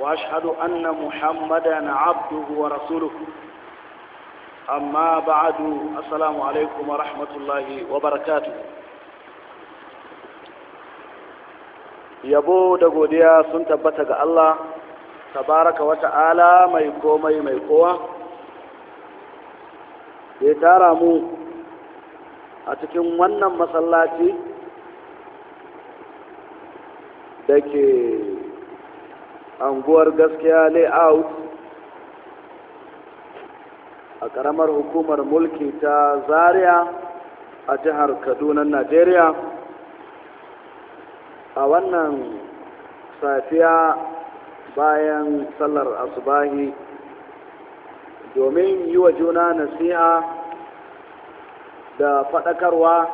وأشهد أن محمدا عبده ورسوله ba'adu بعد السلام عليكم ورحمة الله وبركاته yabo da godiya sun tabbata ga Allah tabaraka wa ta'ala mai komai mai kowa ya tara mu a cikin wannan masallaci da ke anguwar gaskiya layout a ƙaramar hukumar mulki ta zaria a jihar kaduna najeriya a wannan safiya bayan sallar asubahi domin yi wa juna nasiha da faɗakarwa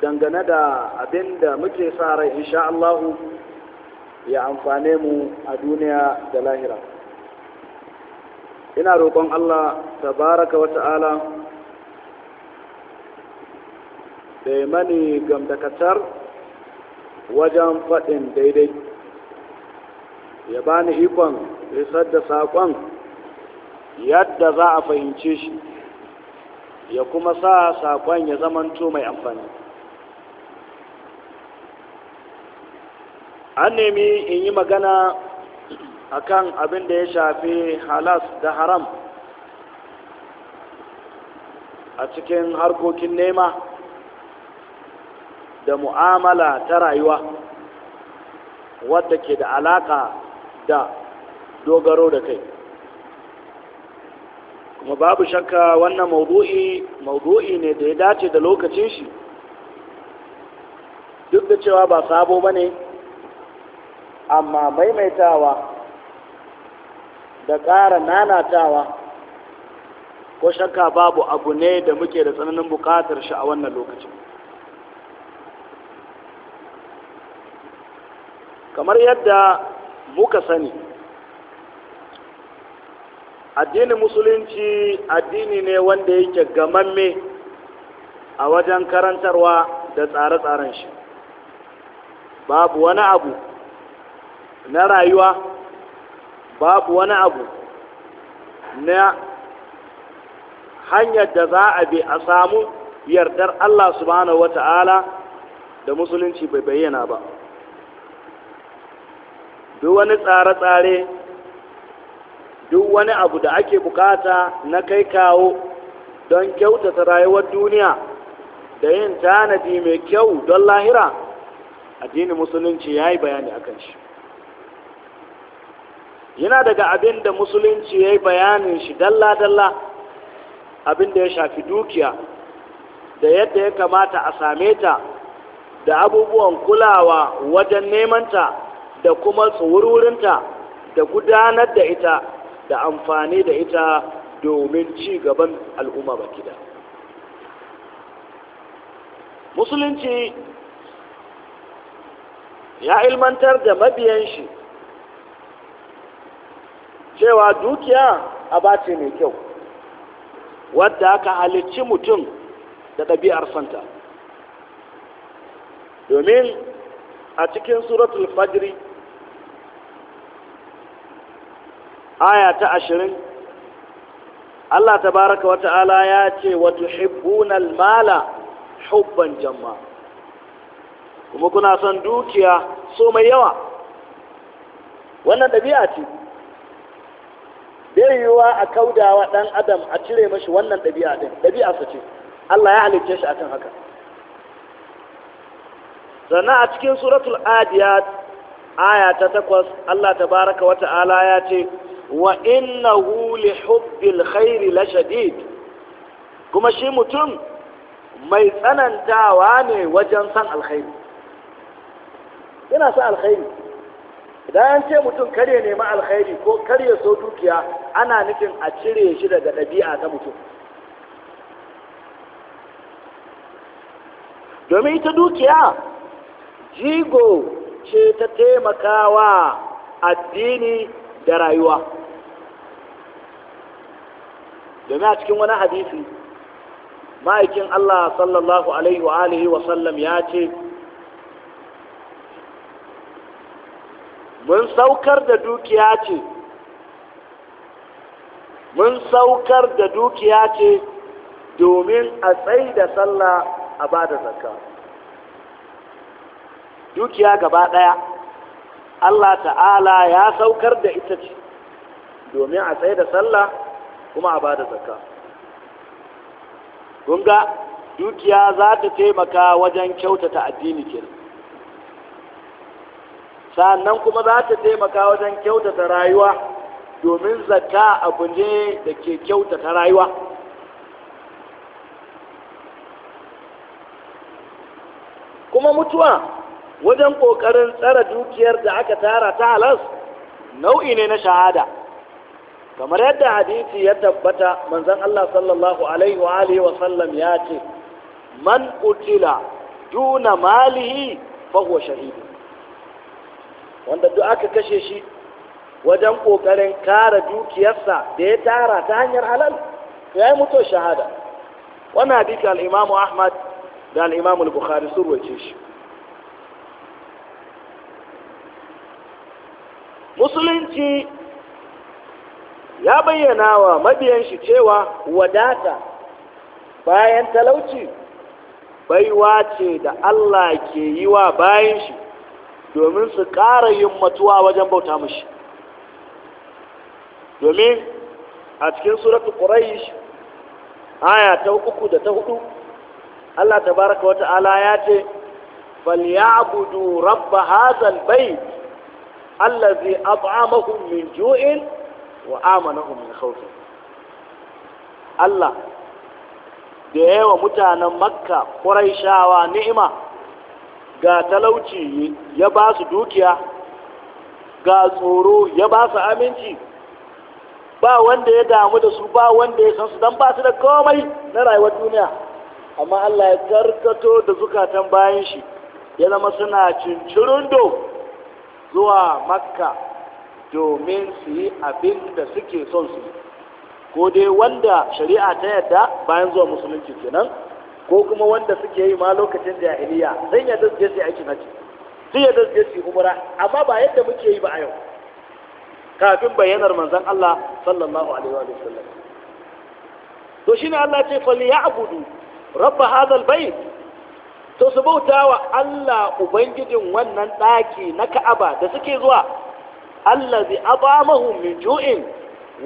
dangane da abin da muke sa rai insha'allahu ya amfane mu a duniya da lahira ina roƙon Allah tabaraka wa ta'ala da ya mani gamdakatar wajen faɗin daidai ya bani ikon isar da saƙon yadda za a fahimce shi ya kuma sa saƙon ya zamanto mai amfani an nemi in yi magana a kan abin da ya shafi halas da haram a cikin harkokin nema da mu'amala ta rayuwa wadda ke da alaka da dogaro da kai kuma babu shakka wannan maudu'i maudu'i ne da ya dace da lokacin shi duk da cewa ba sabo ba ne amma maimaitawa da ƙara nanatawa ko shakka babu abu ne da muke da tsananin buƙatar shi a wannan lokacin kamar yadda muka sani addinin musulunci addini ne wanda yake gamamme a wajen karantarwa da tsare-tsaren shi babu wani abu na rayuwa babu wani abu na hanyar da za a bi a samu yardar Allah subhanahu wata'ala da musulunci bai bayyana ba duk wani tsare-tsare duk wani abu da ake bukata na kai kawo don kyautata rayuwar duniya da yin tanadi mai kyau don lahira addinin musulunci ya yi bayani akan shi yana daga abin da musulunci ya yi bayanin shi dalla-dalla abin da ya shafi dukiya da yadda ya kamata a same ta da abubuwan kulawa wajen nemanta da kuma tsawururinta da gudanar da ita da amfani da ita domin ci gaban al'umma bakida musulunci ya ilmantar da mabiyan shi cewa dukiya abace mai kyau wadda aka halicci mutum da ɗabi'ar santa domin a cikin suratul fajri aya ta ashirin Allah tabaraka wa ta'ala ya ce wa tuhibbunal mala hubban jamma kuma kuna son dukiya so mai yawa wannan ɗabi'a ce bai yiwuwa a kaudawa ɗan adam a cire mashi wannan ɗabi'a ɗin ɗabi'a su ce Allah ya halicce shi akan haka sannan a cikin suratul adiyat aya ta takwas Allah tabaraka wa ta'ala ya ce wa innahu li hubbil khairi la shadid kuma shi mutum mai tsanantawa ne wajen san alkhairi yana sa alkhairi idan an ce mutum kare nema alkhairi ko kare so dukiya ana nufin a cire shi daga ɗabi'a ta mutum domin ita dukiya jigo ce ta taimakawa addini da rayuwa domin a cikin wani hadisi ma'aikin Allah sallallahu alaihi wa sallam ya ce mun saukar da dukiya ce mun saukar da dukiya ce domin a tsayi da sallah a ba da zakka dukiya gaba ɗaya Allah ta'ala ya saukar da ita ce domin a tsayi da sallah kuma a ba da zakka kun ga dukiya za ta taimaka wajen kyautata addini kenan sannan kuma za ta taimaka wajen kyautata rayuwa domin zakka abu ne da ke kyautata rayuwa kuma mutuwa wajen ƙoƙarin tsara dukiyar da aka tara ta halas nau'i ne na shahada kamar yadda hadisi ya tabbata manzan Allah sallallahu alaihi wa Alaihi wa sallam ya ce man qutila duna malihi fahuwa shahidu wanda duk aka kashe shi wajen kokarin kare dukiyarsa da ya tara ta hanyar halal ya yi mutuwar shahada wannan hadisi al'imamu ahmad da al'imamu bukhari sun shi musulunci ya bayyana wa mabiyan shi cewa wadata bayan talauci baiwa ce da allah ke yi wa bayan shi domin su ƙara yin matuwa wajen bauta mashi domin a cikin suratu quraish aya ta uku da ta hudu Allah tabaraka wata'ala ya ce falyabudu rabb bai? albayt allazi at'amahum min ju'in wa amanahum min khawf Allah da yawa mutanen makka quraishawa ni'ima ga talauci ya ba su dukiya ga tsoro ya ba su aminci ba wanda ya damu da su ba wanda ya san su don ba su da komai na rayuwar duniya amma Allah ya karkato da zukatan bayan shi ya zama suna do zuwa makka domin su yi abin da suke son su ko dai wanda shari'a ta yadda bayan zuwa musulunci kenan ko kuma wanda suke yi ma lokacin jahiliya zan yadda su je su aikin hajji sun yadda su je su umura, amma ba yadda muke yi ba a yau kafin bayyanar manzon Allah sallallahu alaihi wa sallam to shine Allah ce falyabudu rabb hadha albayt to su bauta wa Allah ubangijin wannan daki na Ka'aba da suke zuwa allazi abamahum min ju'in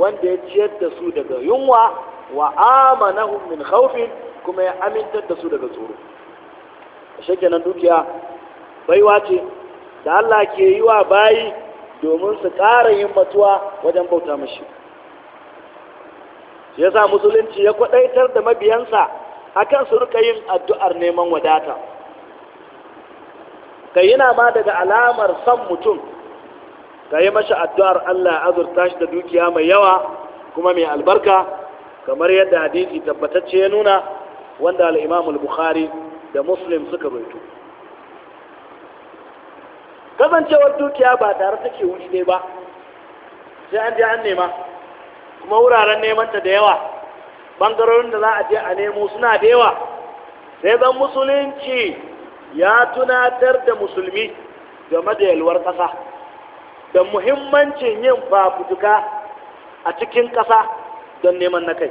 wanda ya ciyar da su daga yunwa wa amanahum min khawfin kuma ya amintar da su daga tsoro ashe kenan dukiya baiwa ce da Allah ke yi wa bayi domin su ƙara yin matuwa wajen bauta mashi shi sa musulunci ya kwaɗaitar da mabiyansa akan su rika yin addu'ar neman wadata ka yana ma daga alamar son mutum ka yi mashi addu'ar Allah azurta shi da dukiya mai yawa kuma mai albarka kamar yadda hadisi tabbatacce ya nuna wanda al-imam al-bukhari da muslim suka baito kasancewar dukiya ba tare take wuri dai ba sai an je an nema kuma wuraren nemanta da yawa bangarorin da za a je a nemo suna da yawa sai zan musulunci ya tunatar da musulmi game da yalwar ƙasa da muhimmancin yin fafutuka a cikin ƙasa don neman na kai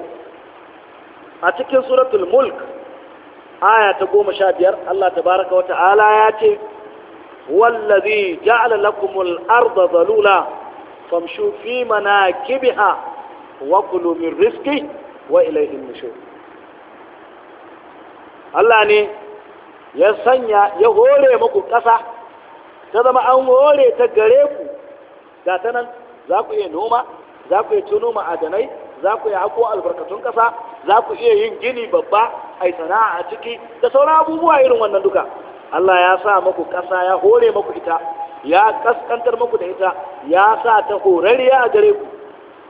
a cikin suratul mulk aya ta goma sha biyar Allah baraka wa ta'ala ya ce wallazi ja'ala lakumul arda zalula famshu fi manakibiha wa kulu min rizqi wa ilayhi nushur Allah ne ya sanya ya hore muku ƙasa ta zama an hore ta gare ku ga ta nan za ku iya noma za ku iya tuno ma'adanai za ku iya haƙo albarkatun ƙasa za ku iya yin gini babba a sana'a a ciki da sauran abubuwa irin wannan duka Allah ya sa maku ƙasa ya hore maku ita ya ƙasƙantar maku da ita ya sa ta horariya a gare ku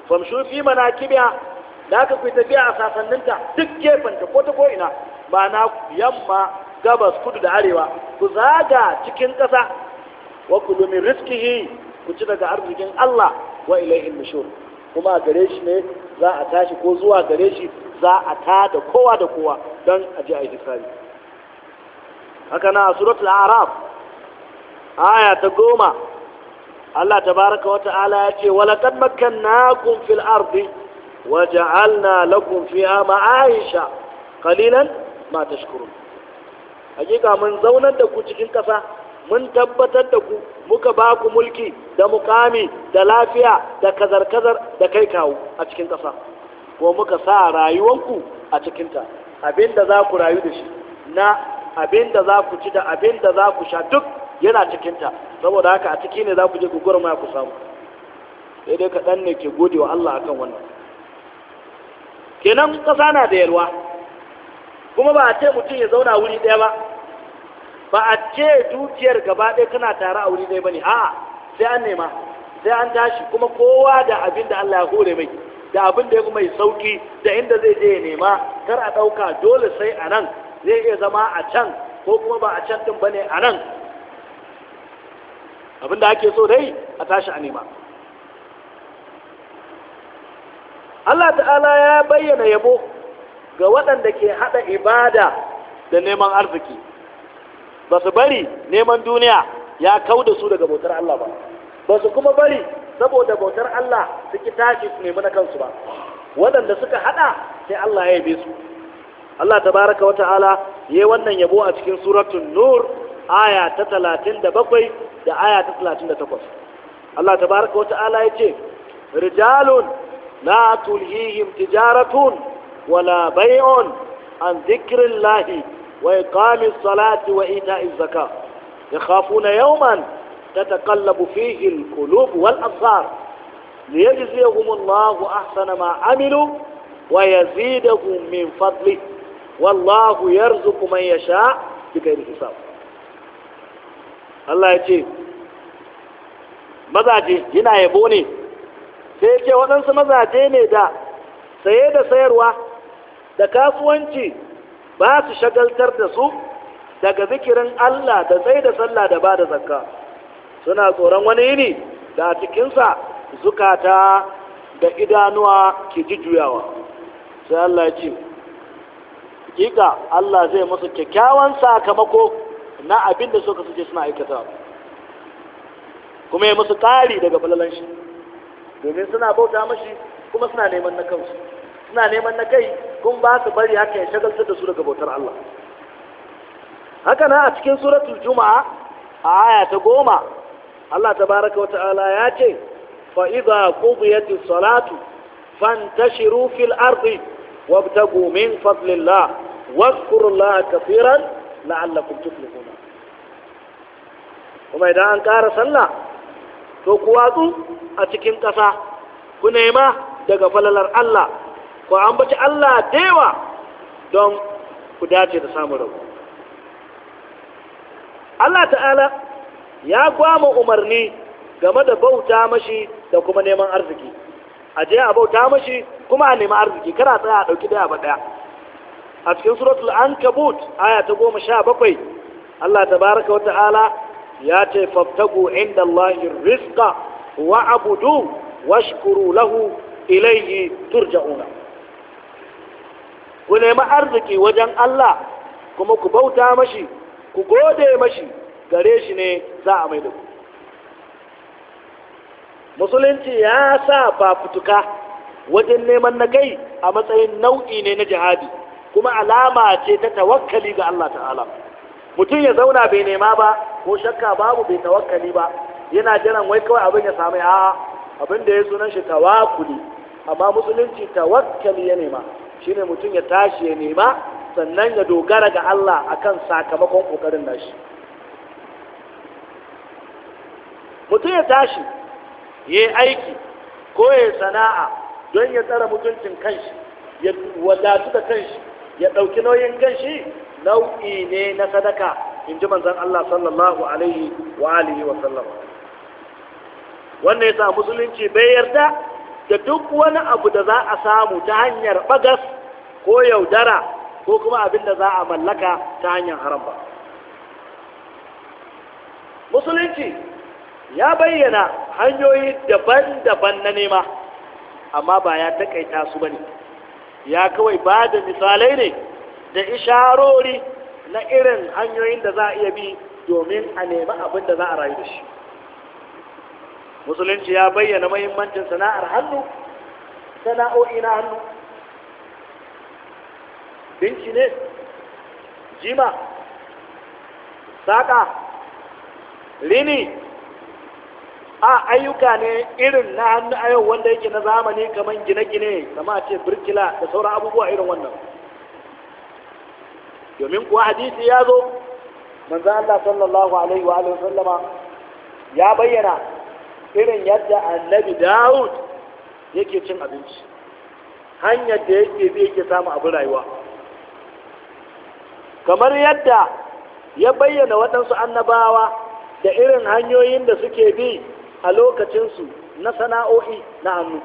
famshu fi manakibiya da aka kuyi tafiya a sasanninta duk gefenta ko ta ko'ina ba na yamma gabas kudu da arewa ku zaga cikin ƙasa wa ku domin riskihi ku ci daga arzikin Allah wa ilaihin mishur kuma gare shi ne za a tashi ko zuwa gare shi za a ta da kowa da kowa don a ji a yi hisabi haka na suratul araf aya ta goma Allah tabaraka wata ala ya ce na kun fil ardi wa ja'alna lakum fiha ma'aisha qalilan ma tashkurun hakika mun zaunar da ku cikin kasa mun tabbatar da ku muka ba ku mulki da mukami da lafiya da kazar-kazar da kai kawo a cikin ƙasa ko muka sa rayuwanku a cikinta da za ku rayu da shi na abin da za ku ci da abin da za ku sha duk yana cikinta saboda haka a ciki ne za ku je ku ma ku samu sai dai kaɗan ne ke gode wa Allah akan wannan kenan ƙasa na da yalwa kuma ba a ce mutum ya zauna wuri ɗaya ba ba a ce dukiyar gaba ɗaya tana tare a wuri ɗaya ba ne a'a sai an nema sai an tashi kuma kowa da abin da Allah ya hore mai da abin da ya mai sauki da inda zai je ya nema kar a ɗauka dole sai a nan zai iya zama a can ko kuma ba a can ɗin ba ne a nan abin da ake so dai a tashi a nema Allah ta'ala ya bayyana yabo ga waɗanda ke haɗa ibada da neman arziki ba su bari neman duniya ya kau da su daga bautar Allah ba ba su kuma bari saboda bautar Allah suke ki tashi su nemi na kansu ba waɗanda suka haɗa sai Allah ya yabe su Allah tabaraka wa ta'ala yayi wannan yabo a cikin suratun nur aya ta talatin da bakwai da aya ta talatin da takwas Allah tabaraka wa ta'ala ya ce rijalun la tulhihim tijaratun wala bai'un an zikrillahi وإقام الصلاة وإيتاء الزكاة يخافون يوما تتقلب فيه القلوب والأبصار ليجزيهم الله أحسن ما عملوا ويزيدهم من فضله والله يرزق من يشاء بغير حساب الله يجي ماذا mazaje هنا يبوني سيجي ونسى ماذا ce waɗansu mazaje ne da kasuwanci ba su shagaltar da su daga zikirin Allah da tsaye da sallah da ba da zakka suna tsoron wani yini da cikinsa zukata da idanuwa ke ji juyawa. sai Allah ya ce Kika Allah zai musu kyakkyawan sakamako na abin da suka suke suna aikata kuma ya musu ƙari daga falalan shi domin suna bauta mashi kuma suna neman na kansu suna neman na kai kun ba su bari haka ya shagaltar da su daga bautar Allah haka na a cikin suratul juma'a a aya ta goma Allah tabaraka wata'ala ya ce fa idza qudiyatis salatu fantashiru fil ardi wabtagu min fadlillah wadhkurullaha kathiran la'allakum tuflihun kuma idan an ƙara sallah to ku watsu a cikin ƙasa ku nema daga falalar Allah an ambaci Allah dewa don ku dace da samun rabu Allah ta'ala ya gwama umarni game da bauta mashi da kuma neman arziki a je a bauta mashi kuma a neman arziki kana tsaya a ɗauki daya ba ɗaya a cikin suratul ankabut aya ta goma sha bakwai Allah tabaraka wa ta'ala ya ce fabtagu inda Allahi rizqa wa abudu washkuru lahu ilayhi turja'una ku nemi arziki wajen Allah kuma ku bauta mashi ku gode mashi gare shi ne za a mai da ku musulunci ya sa fafutuka wajen neman na kai a matsayin nau'i ne na jihadi kuma alama ce ta tawakkali ga Allah ta'ala mutum ya zauna bai nema ba ko shakka babu bai tawakkali ba yana jiran wai kawai abin ya samu a abin da ya sunan shi tawakkuli amma musulunci tawakkali ya nema ne mutum ya tashi ya nema sannan ya dogara ga Allah akan sakamakon ƙoƙarin nashi mutum ya tashi ya aiki ko ya sana'a don ya tsara mutuncin kanshi ya wadatu da kanshi ya ɗauki nauyin kanshi nau'i ne na sadaka in ji manzan Allah sallallahu alaihi wa alihi wa sallam wannan ya sa musulunci bai yarda da duk wani abu da za a samu ta hanyar bagas ko yaudara ko kuma abin da za a mallaka ta hanyar haram ba musulunci ya bayyana hanyoyi daban-daban na nema amma ba ya takaita su ba ne ya kawai ba da misalai ne da isharori na irin hanyoyin da za a iya bi domin a nemi abin da za a rayu da shi musulunci ya bayyana mahimmancin sana'ar hannu sana'o'i na hannu binci ne jima saƙa rini a ayyuka ne irin na hannu a yau wanda yake na zamani kamar gine-gine kama ce birkila da sauran abubuwa irin wannan domin kuwa hadisi ya zo manzan Allah sallallahu alaihi wa sallama ya bayyana irin yadda annabi Dawud yake cin abinci hanyar da yake bi yake samu abin rayuwa kamar yadda ya bayyana waɗansu annabawa da irin hanyoyin da suke bi a lokacinsu na sana'o'i na hannu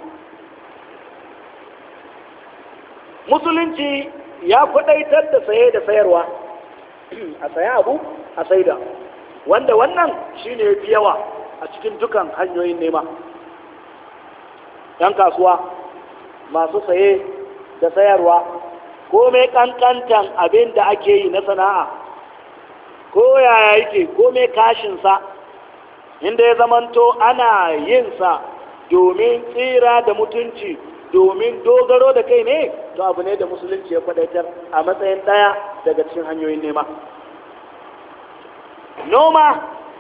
musulunci ya kwadaitar da saye da sayarwa a saya abu a saida wanda wannan shine yafi yawa a cikin dukan hanyoyin nema yan kasuwa masu saye da sayarwa komai kankantan abin da ake yi na sana'a ko yaya yake komai kashinsa inda ya zamanto ana yin sa domin tsira da mutunci domin dogaro da kai ne to abu ne da musulunci ya faɗaitar a matsayin ɗaya daga cikin hanyoyin nema noma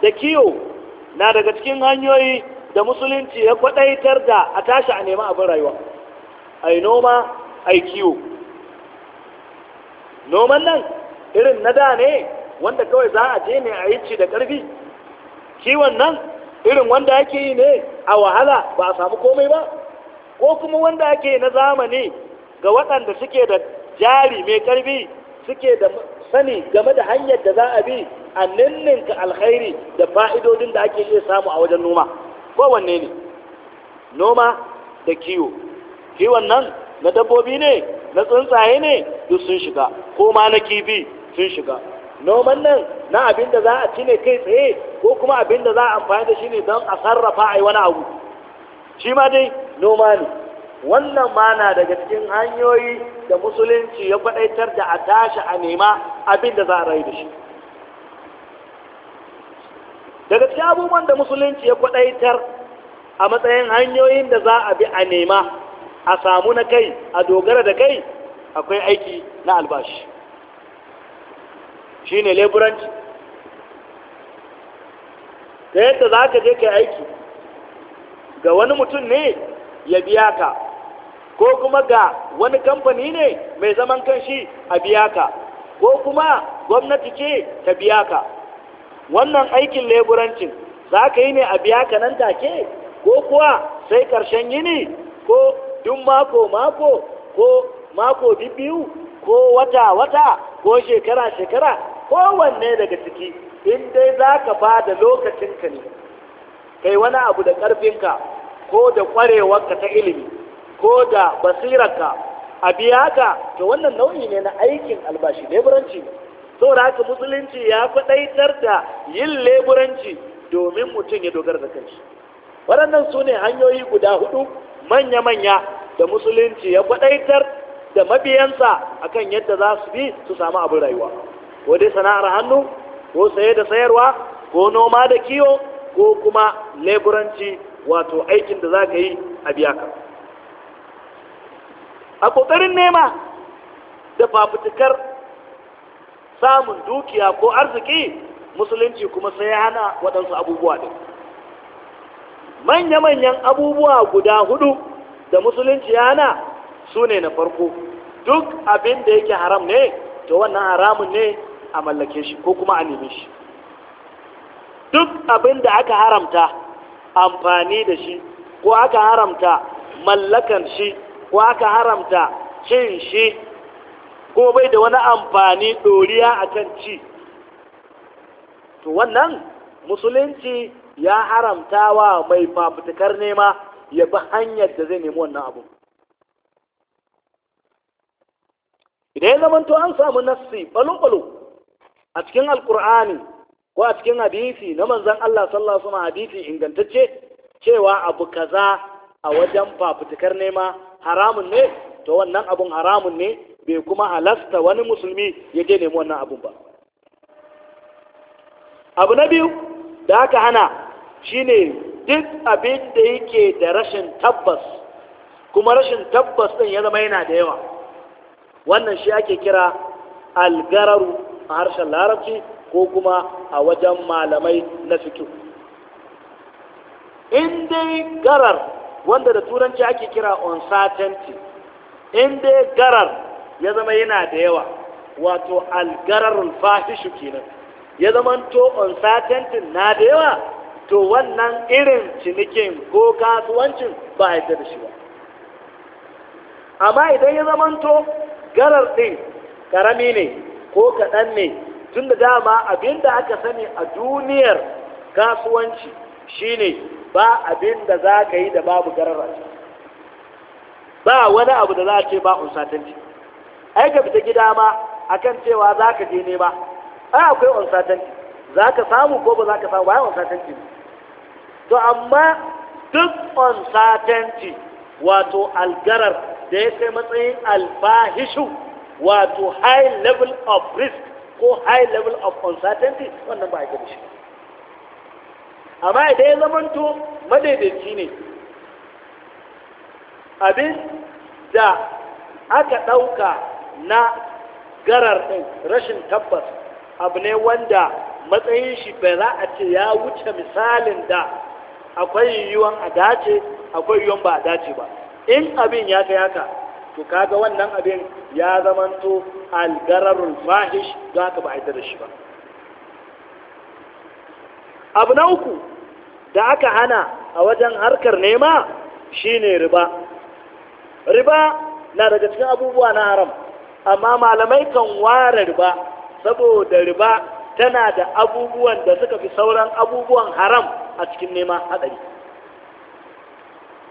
da kiwo na daga cikin hanyoyi da musulunci ya kwadaitar da a tashi a nemi abin rayuwa a noma a kiwo noman nan irin na da ne wanda kawai za a je ne a yi ci da ƙarfi kiwon nan irin wanda ake yi ne a wahala ba a samu komai ba ko kuma wanda ake na zamani ga waɗanda suke da jari mai ƙarfi suke da sani game da hanyar da za a bi a ninninka alkhairi da fa'idodin da ake iya samu a wajen noma kowanne ne noma da kiwo kiwon nan na dabbobi ne na tsuntsaye ne duk sun shiga ko ma na kifi sun shiga noman nan na abin da za a ci ne kai tsaye ko kuma abin da za a amfani da shi ne don a sarrafa a yi wani abu shi ma dai noma ne wannan ma na daga cikin hanyoyi da musulunci ya faɗaitar da a tashi a nema abin da za a rayu da shi daga cikin abubuwan da musulunci ya kwadaitar a matsayin hanyoyin da za a bi a nema a samu na kai a dogara da kai akwai aiki na albashi shi ne leburanci ta yadda za ka je kai aiki ga wani mutum ne ya biya ka ko kuma ga wani kamfani ne mai zaman kanshi a biya ka ko kuma gwamnati ce ta biya ka wannan aikin leburancin za ka yi ne a biya ka nan take ko kuwa sai ƙarshen yini ko duk mako mako ko mako biyu ko wata wata ko shekara shekara kowanne daga ciki in dai za ka ba da lokacinka ne kai wani abu da ƙarfinka ko da ƙwarewarka ta ilimi ko da basirarka a biya ka to wannan nau'i ne na aikin albashi leburanci ne saboda haka musulunci ya faɗaitar da yin leburanci domin mutum ya dogara da kanshi waɗannan su ne hanyoyi guda hudu manya-manya da musulunci ya faɗaitar da mabiyansa a kan yadda za su bi su samu abin rayuwa ko dai sana'ar hannu ko saye da sayarwa ko noma da kiwo ko kuma leburanci wato aikin da za ka yi a biya ka a ƙoƙarin nema da fafutukar samun dukiya ko arziki musulunci kuma sai ya hana waɗansu abubuwa ɗin manya-manyan abubuwa guda hudu da musulunci ya hana su ne na farko duk abin da yake haram ne to wannan haramun ne a mallake shi ko kuma a nemi shi duk abin da aka haramta amfani da shi ko aka haramta mallakan shi ko aka haramta cin shi ko bai da wani amfani doriya kan ci to wannan musulunci ya haramta wa mai fafutukar nema ya bi hanyar da zai nemi wannan abu idan ya zamanto an samu nassi balo-balo a cikin alkur'ani ko a cikin hadisi na manzan Allah sallallahu Suna wasallam hadisi ingantacce cewa abu kaza a wajen fafutukar nema haramun ne to wannan abun haramun ne bai kuma halasta wani musulmi ya je nemi wannan abun ba abu na biyu da aka hana shine duk abin da yake da rashin tabbas kuma rashin tabbas ɗin ya zama yana da yawa wannan shi ake kira algararu a harshen larabci ko kuma a wajen malamai na fikin in dai garar wanda da turanci ake kira uncertainty in dai garar ya zama yana da yawa wato algararul fahishu kenan ya zama to uncertainty na da yawa to wannan irin cinikin ko kasuwancin ba a yadda da shi ba amma idan ya zama to garar ɗin karami ne ko kaɗan ne tun da dama abin da aka sani a duniyar kasuwanci shine ba abin da za ka yi da babu garar ba wani abu da za a ce ba uncertainty ai ka fita gida ma akan cewa za ka je nema ai akwai uncertainty za ka samu ko ba za ka samu ba uncertainty ne to amma duk uncertainty wato algarar da ya kai matsayin alfahishu wato high level of risk ko high level of uncertainty wannan ba a yi shi amma idan ya zamanto madaidaici ne abin da aka ɗauka na garar ɗin rashin tabbas abu ne wanda matsayin shi ba za a ce ya wuce misalin da akwai yiwuwan a dace akwai yiwuwan ba a dace ba in abin ya kai haka to kaga wannan abin ya zamanto algararul fahish za ka ba a da shi ba abu na uku da aka hana a wajen harkar nema shine riba riba na daga cikin abubuwa na haram amma malamai kan ware riba saboda riba tana da abubuwan da suka fi sauran abubuwan haram a cikin neman haɗari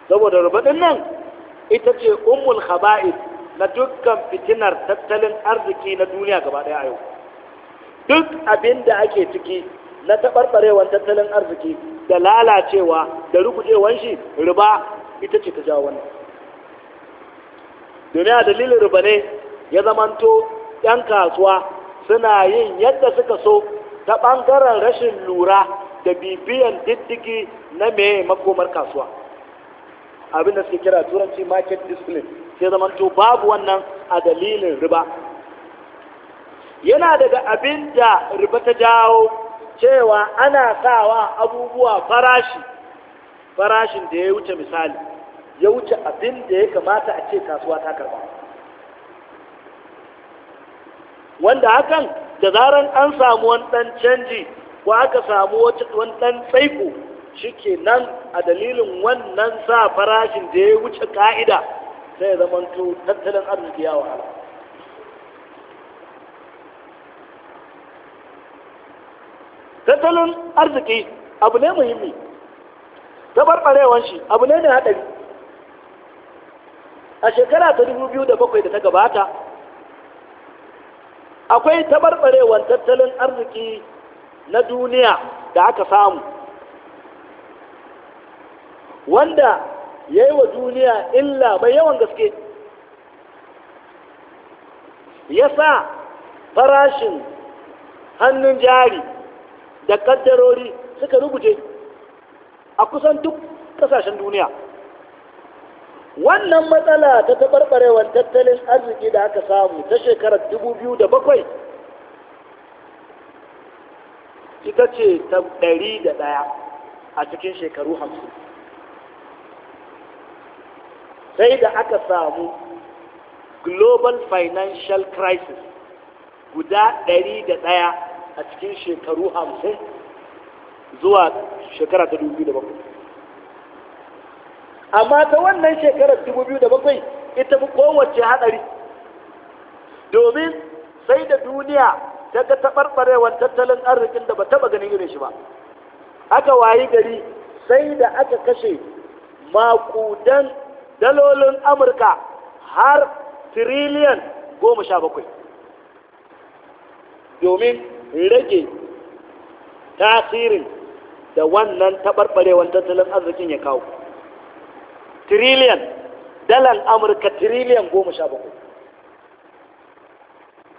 saboda riba ɗin nan ita ce ummul haba'id na dukkan fitinar tattalin arziki na duniya gaba ɗaya a yau duk abin da ake ciki na taɓarɓarewar tattalin arziki da lalacewa da rukujewar shi riba ita ce ta jawo wannan Duniya dalilin riba ne ya zamanto 'yan kasuwa suna yin yadda suka so ta ɓangaren rashin lura da bibiyan diddigi na mai makomar kasuwa abinda suke kira turanci market discipline sai zamanto babu wannan a dalilin riba yana daga abin da riba ta jawo cewa ana sawa abubuwa farashi farashin da ya wuce misali ya wuce abin da ya kamata a ce kasuwa ta karba wanda hakan da zaran an samu wani ɗan canji ko aka samu wani ɗan tsaiko shike nan a dalilin wannan sa farashin da ya wuce ka'ida sai ya zamanto tattalin arziki ya wahala tattalin arziki abu ne muhimmi barbarewan shi abu ne mai haɗari a shekara ta dubu biyu da bakwai da ta gabata akwai tabarbarewar tattalin arziki na duniya da aka samu wanda ya yi wa duniya illa mai yawan gaske ya sa farashin hannun jari da kaddarori suka rubuce a kusan duk kasashen duniya wannan matsala ta taɓarɓarewar tattalin arziki da aka samu ta shekarar 2007 ita ce ta 101 a cikin shekaru 50 sai da aka samu global financial crisis guda 101 a cikin shekaru 50 zuwa shekara ta 2007 amma ta wannan shekarar 2007 ita fi kowace hadari domin sai da duniya ta ga taɓarɓarewar tattalin arzikin da ba taɓa ganin irin shi ba aka wayi gari sai da aka kashe makudan dalolin amurka har tiriliyan goma sha bakwai domin rage tasirin da wannan taɓarɓarewar tattalin arzikin ya kawo Tiriliyan, dalan amurka tiriliyan goma sha bakwai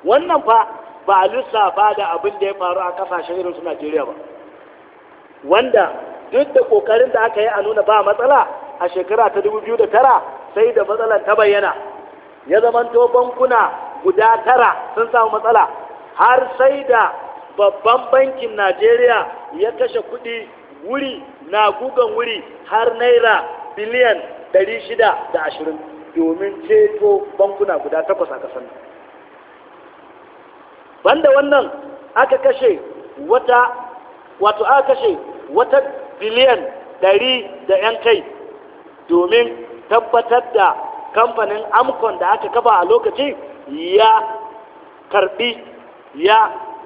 wannan fa ba a lissafa da abin da ya faru a kasashen irin su najeriya ba wanda duk da kokarin da aka yi a nuna ba matsala a shekara ta da tara, sai da matsalar ta bayyana ya zamanto bankuna guda tara sun samu matsala har sai da babban bankin najeriya ya kashe kuɗi wuri na gugan wuri har naira biliyan 620 domin ceto bankuna guda takwas a ƙasar banda wannan aka kashe wata wato aka kashe wata biliyan 100 da 'yan kai domin tabbatar da kamfanin amkon da aka kafa a lokaci ya karbi ya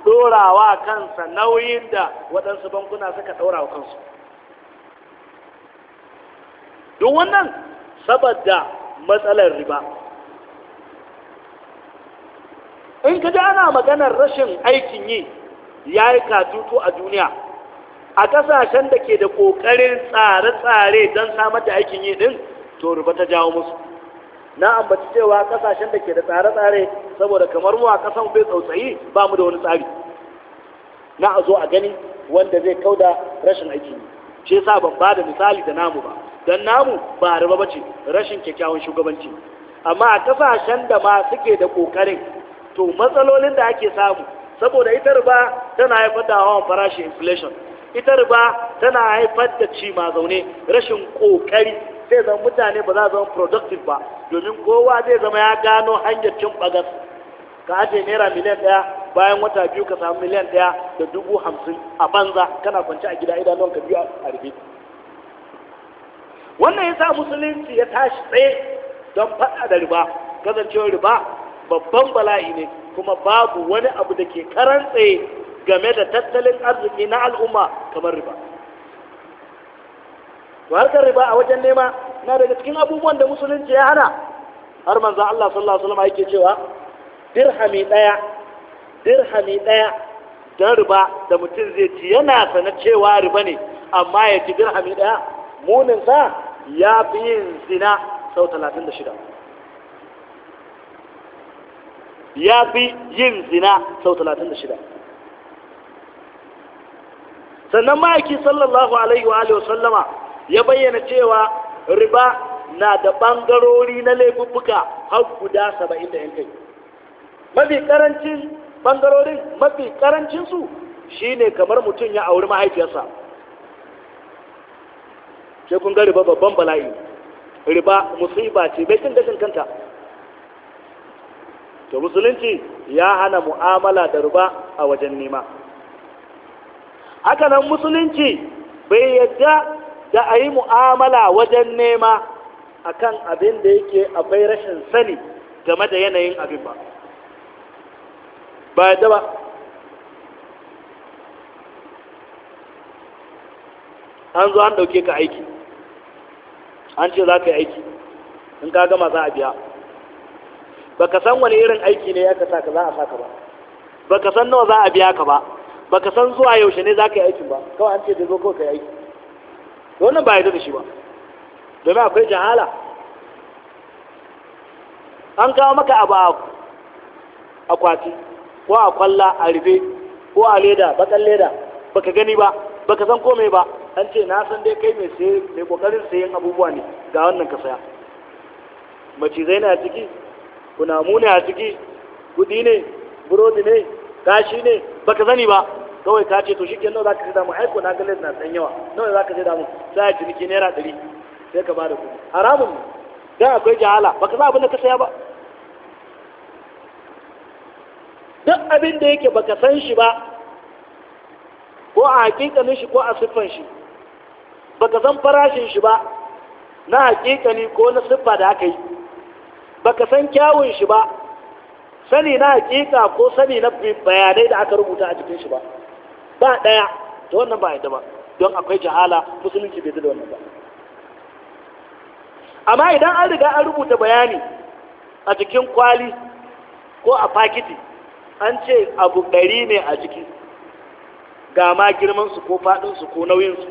dorawa kansa nauyin da waɗansu bankuna suka ɗora wa kansu don wannan saboda matsalar riba in ka ji ana maganar rashin aikin yi ya yi katutu a duniya a kasashen da ke da ƙoƙarin tsare-tsare don samar da aikin yi din to riba ta jawo musu na ambaci cewa kasashen da ke da tsare-tsare saboda kamar mu a ƙasan bai tsautsayi ba mu da wani tsari na a zo a gani wanda zai kauda rashin aiki yi shi sa ban ba da misali da namu ba don namu ba a ba ce rashin kyakkyawan shugabanci amma a kasashen da ma suke da kokarin to matsalolin da ake samu saboda ita riba tana haifar da hawan farashi inflation ita riba tana haifar da ma zaune rashin kokari zai zama mutane ba za zama productive ba domin kowa zai zama ya gano hanyar cin bagas ka ajiye naira miliyan daya bayan wata biyu ka samu miliyan daya da dubu hamsin a banza kana kwance a gida ka biyu a rufe wannan ya sa musulunci ya tashi tsaye don faɗa da riba kasancewar riba babban bala'i ne kuma babu wani abu da ke karan tsaye game da tattalin arziki na al'umma kamar riba harkar riba a wajen nema na daga cikin abubuwan da musulunci ya hana har manzo Allah sallallahu alaihi wasallam yake cewa dirhami daya dirhami daya dan riba da mutum zai ci yana sanar cewa riba ne amma ya ci dirhami daya munin sa ya fi yin zina sau 36 ya fi yin zina sau 36 sannan ma'aiki sallallahu alaihi wa sallama ya bayyana cewa riba na da ɓangarori na laifuffuka har guda 70 da kai. mafi ƙarancin ɓangarorin mafi ƙarancinsu shine kamar mutum ya auri mahaifiyarsa sai kun ga riba babban bala'i riba musiba ce bai cin kanta to musulunci ya hana mu'amala da riba a wajen nema haka musulunci bai yadda da a yi mu'amala wajen nema akan abin da yake bai rashin sani game da yanayin abin ba ba yadda ba an zo an ɗauke ka aiki an ce za ka yi aiki in ka gama za a biya ba ka san wani irin aiki ne ya ka saka za a saka ba ba ka san nawa za a biya ka ba ba ka san zuwa yaushe ne za ka yi aikin ba kawai an ce da zo kawai ka yi aiki wannan ba yadda da shi ba domin akwai jahala an kawo maka abu a akwati ko a kwalla a rufe ko a leda bakan leda baka gani ba baka san komai ba an ce na san dai kai mai saye mai kokarin sayen abubuwa ne ga wannan ka saya macizai na ciki kunamu ne a ciki kudi ne burodi ne kashi ne baka sani ba kawai ka ce to shi ke nawa za ka sai damu aiko na galis na san yawa nawa za ka sai damu sai a ciniki naira ɗari sai ka bada kudi haramun ne dan akwai jahala baka san abin da ka saya ba duk abin da yake baka san shi ba ko a hakikanin shi ko a siffan shi Ba ka san farashin shi ba na hakikani ko na siffa da aka yi Ba ka san kyawun shi ba sani na hakika ko sani na bayanai da aka rubuta a cikin shi ba ba daya da wannan ba yadda ba don akwai jahala musulunci bai da wannan ba amma idan an riga an rubuta bayani a cikin kwali ko a fakiti an ce abu ɗari ne a jiki, ga ma girmansu ko faɗinsu ko nauyinsu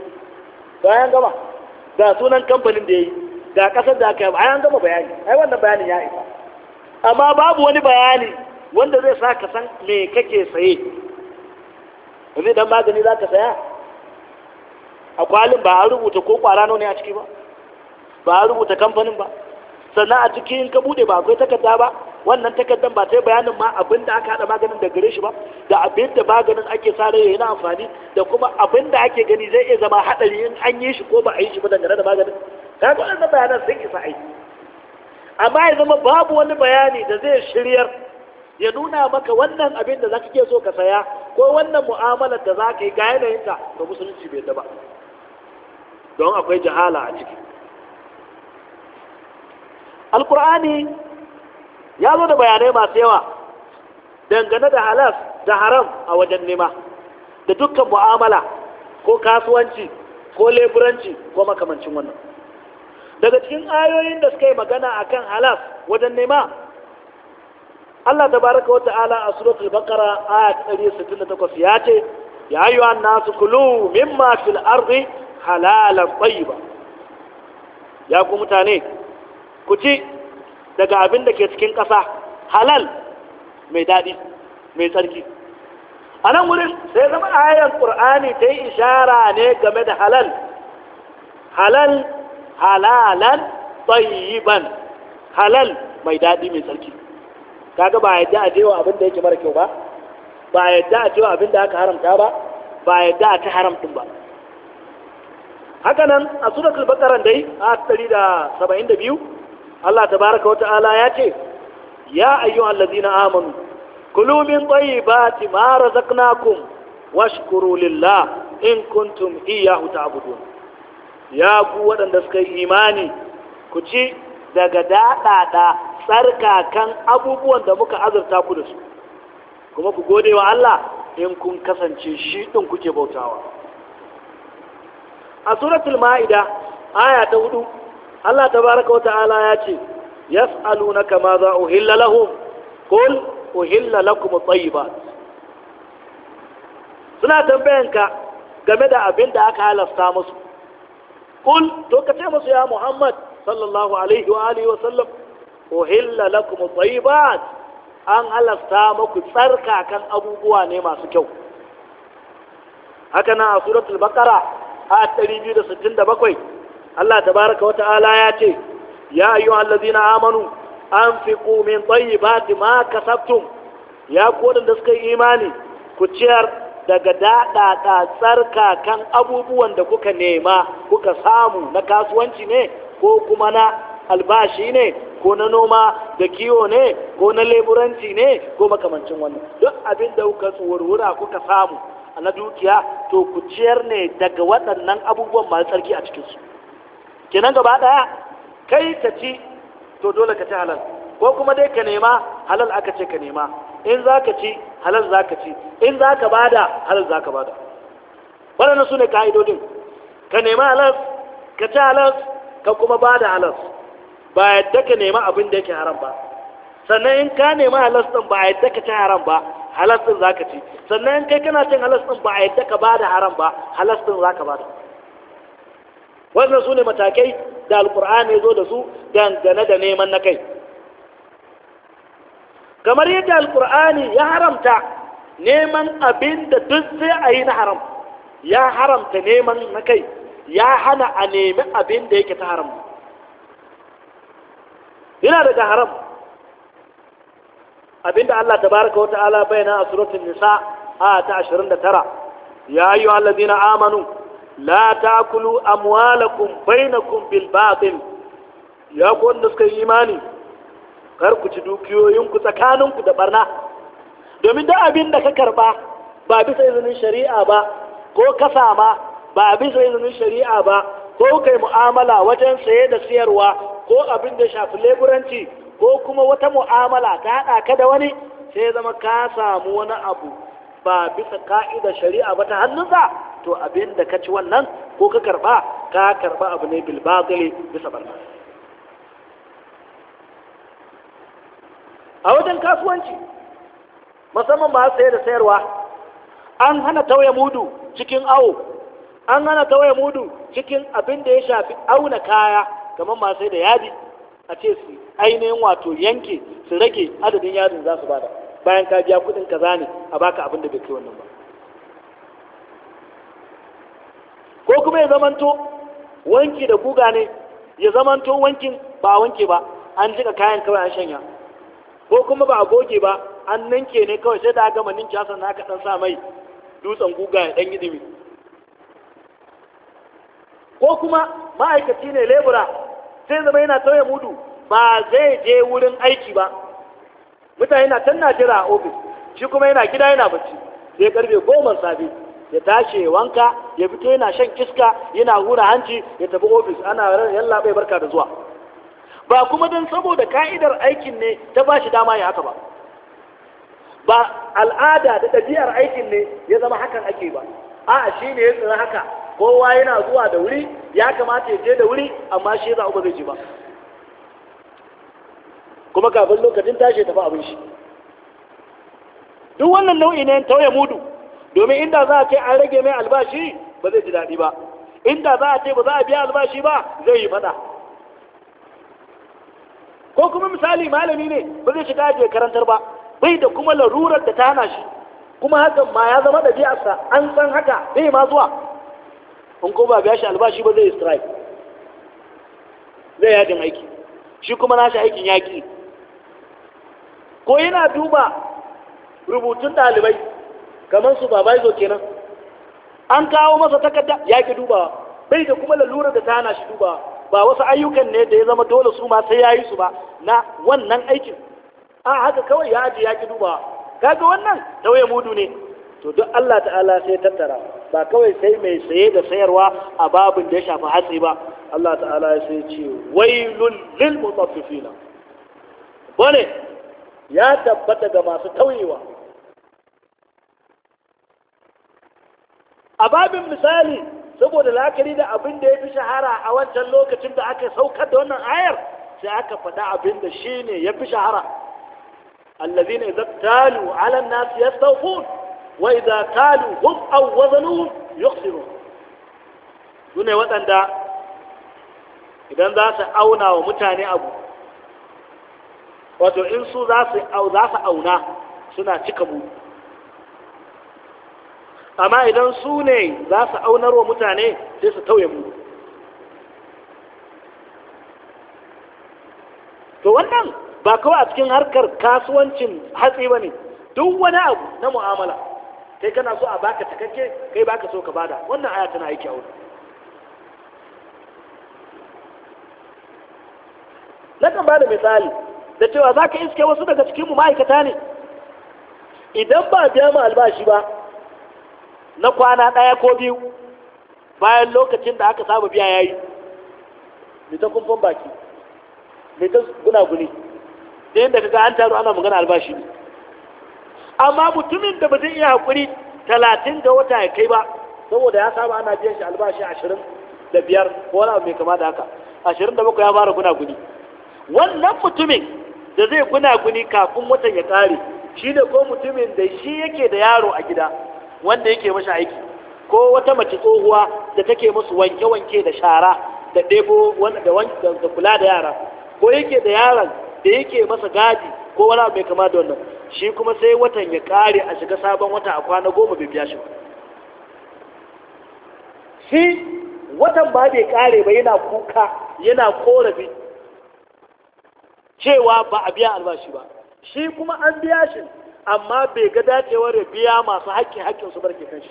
bayan gama ga sunan kamfanin da ya yi ga kasar da aka yi bayan gama bayani ai wannan bayanin ya isa amma babu wani bayani wanda zai sa ka san me kake saye wani dan magani za ka saya a kwalin ba a rubuta ko kwara ne a ciki ba ba a rubuta kamfanin ba sannan a cikin ka bude ba akwai takarda ba wannan takardar ba ta yi bayanin ma abin da aka haɗa maganin da gare shi ba da abin da maganin ake sa yana amfani da kuma abin da ake gani zai iya zama haɗari in an yi shi ko ba a yi shi ba dangane da maganin ka ga wannan bayanan sun isa aiki amma ya zama babu wani bayani da zai shiryar ya nuna maka wannan abin da zaka ke so ka saya ko wannan mu'amalar da zaka yi ga yanayinta to musulunci bai da ba don akwai jahala a ciki alkur'ani ya zo da bayanai masu yawa dangane da halas da haram a wajen nema da dukkan mu'amala ko kasuwanci ko leburanci ko makamancin wannan daga cikin ayoyin da suka yi magana a kan halas wajen nema Allah Ta baraka wa ta'ala a suratul bakara aya 168 ya ce ya yi wa nasu kulu mimma fil ardi halalan tayyiba ya ku mutane ku ci daga abin da ke cikin ƙasa halal mai daɗi mai tsarki a nan wurin sai zama ayyar ƙur'ani ta yi ishara ne game da halal halal halalan tsayiban halal mai daɗi mai tsarki kaga ba yadda a jewa abin da yake mara kyau ba ba yadda a jewa abin da aka haramta ba ba yadda a ta haramtun ba haka nan a suratul bakaran dai a 172 Allah tabaraka Ala ya ce ya ayyuhal ladina amanu kulu min tayyibati ma razaqnakum washkuru lillah in kuntum iyyahu ta'budun ya ku waɗanda suka yi imani ku ci daga daɗaɗa tsarka kan abubuwan da muka azurta ku da su kuma ku gode wa Allah in kun kasance shi ɗin kuke bautawa a suratul ma'ida aya ta hudu Allah tabaraka wa ta'ala ya ce yas'alunaka ma za uhilla lahum qul uhilla lakum at-tayyibat suna tambayanka game da abin da aka halasta musu qul to ka ce musu ya Muhammad sallallahu alaihi wa alihi wa sallam uhilla lakum at-tayyibat an halasta muku kan abubuwa ne masu kyau haka na a suratul baqara a 267 Allah tabaraka wata ala ya ce ya Allah zina amanu anfiqu min tayyibati ma kasabtum ya ku da suka yi imani ku ciyar daga daɗaɗa tsarka kan abubuwan da kuka nema kuka samu na kasuwanci ne ko kuma na albashi ne ko na noma da kiwo ne ko na leburanci ne ko makamancin wannan duk abin da kuka tsorura kuka samu na dukiya to ku ciyar ne daga waɗannan abubuwan masu tsarki a cikinsu kenan gaba daya kai ka ci to dole ka ci halal ko kuma dai ka nema halal aka ce ka nema in za ka ci halal za ka ci in za ka bada halal za ka bada waɗannan su ne ka'idodin ka nema halal ka ci halal ka kuma bada halal ba yadda ka nema abin da yake haram ba sannan in ka nema halal din ba yadda ka ci haram ba halal din za ka ci sannan in kai kana cin halal din, ba yadda ka bada haram ba halal din za ka bada wannan su ne matakai da alkur'ani ya zo da su dangane da neman na kai kamar yadda alkur'ani ya haramta neman abin da duk sai a yi na haram ya haramta neman na kai ya hana a nemi abin da yake ta haram yana daga haram Abin da Allah ta baraka wa ta'ala bayyana a suratun nisa a ta 29 ya yi ayyuhallazina amanu la takulu amwalakum bainakum bil batil ya ku wanda suka yi imani kar ku ci dukiyoyinku tsakaninku da barna domin da abin da ka karba ba bisa izinin shari'a ba ko ka sama ba bisa izinin shari'a ba ko kai mu'amala wajen saye da siyarwa ko abin da shafi leburanci ko kuma wata mu'amala ta haɗa ka da wani sai zama ka samu wani abu ba bisa ka'idar shari'a ba ta hannunsa to abin da ka ci wannan ko ka karba ka karba abu ne bil batili bisa barna a wajen kasuwanci musamman ba sayar da sayarwa an hana tauye mudu cikin awo an hana tauye mudu cikin abin da ya shafi auna kaya kamar masu sai da yadi a ce su ainihin wato yanke su rage adadin yadin za su bada bayan ka biya kudin kaza ne a baka abin da bai kai wannan ba ko kuma ya zamanto wanki da guga ne ya zamanto wankin ba wanki ba an jika kayan kawai an shanya ko kuma ba a goge ba an ninke ne kawai sai da aka gama ninke asan na kaɗan sa mai dutsen guga ya ɗan yi ko kuma ma'aikaci ne lebura sai zama yana tauye mudu ba zai je wurin aiki ba mutane na can na a ofis shi kuma yana gida yana bacci sai karfe goma safe ya tashi wanka ya fito yana shan kiska yana hura hanci ya tafi ofis ana yalla bai barka da zuwa ba kuma don saboda ka'idar aikin ne ta ba shi dama ya haka ba ba al'ada da ɗabi'ar aikin ne ya zama hakan ake ba a shi ne ya tsira haka kowa yana zuwa da wuri ya kamata ya je da wuri amma shi za ba zai ji ba kuma kafin lokacin tashi tafi abin shi duk wannan nau'i ne tauye mudu domin inda za a ce an rage mai albashi ba zai ji daɗi ba inda za a ce ba za a biya albashi ba zai yi fada ko kuma misali malami ne ba zai shiga ajiye karantar ba bai da kuma larurar da ta hana shi kuma hakan ma ya zama da biyarsa an san haka zai ma zuwa in ko ba biya shi albashi ba zai strike zai yajin aiki shi kuma nashi aikin yaƙi ko yana duba rubutun ɗalibai kamar supervisor kenan an kawo masa takarda ya ki dubawa bai da kuma lalurar da ta hana shi dubawa ba wasu ayyukan ne da ya zama dole su ma sai ya yi su ba na wannan aikin a haka kawai ya ajiye ya ki dubawa kaga wannan tauye mudu ne to duk Allah ta'ala sai tattara ba kawai sai mai saye da sayarwa a babin da ya shafi hatsi ba Allah ta'ala ya sai ce wailul lil mutaffifina bane ya tabbata ga masu tauyewa a babin misali saboda la'akari da abin da ya fi shahara a wancan lokacin da aka saukar da wannan ayar sai aka faɗa abin da shi ne ya fi shahara allazina idza talu ala nasu nas yastawfun wa idza talu hum aw wazanuhum Su ne waɗanda idan za su auna wa mutane abu wato in su za su auna suna cika mu amma idan su ne za su aunar wa mutane sai su tauye mu to wannan ba kawai a cikin harkar kasuwancin hatsi ba ne duk wani abu na mu'amala kai kana so a baka cikakke kai baka so ka bada wannan aya tana aiki a wurin na kan bada misali da cewa za ka iske wasu daga cikinmu ma'aikata ne idan ba biya mu albashi ba na kwana ɗaya ko biyu bayan lokacin da aka saba biya yayi mai ta kumfan baki mai ta gunaguni da yadda kaga an taru ana magana albashi ne amma mutumin da ba zai iya haƙuri talatin ga wata ya kai ba saboda ya saba ana biyan shi albashi ashirin da biyar ko wani abu mai kama da haka ashirin da bakwai ya fara gunaguni wannan mutumin da zai gunaguni kafin watan ya ƙare shi ne ko mutumin da shi yake da yaro a gida wanda yake masa aiki ko wata mace tsohuwa da take musu wanke-wanke da shara da ɗebo da kula da yara ko yake da yaron da yake masa gadi ko wani abu mai kama da wannan shi kuma sai watan ya kare a shiga sabon wata a kwana goma bai biya shi shi watan ba bai kare ba yana kuka yana korafi cewa ba a biya albashi ba shi kuma an biya shi amma bai ga dacewar ya biya masu haƙƙin haƙƙin su barke kan shi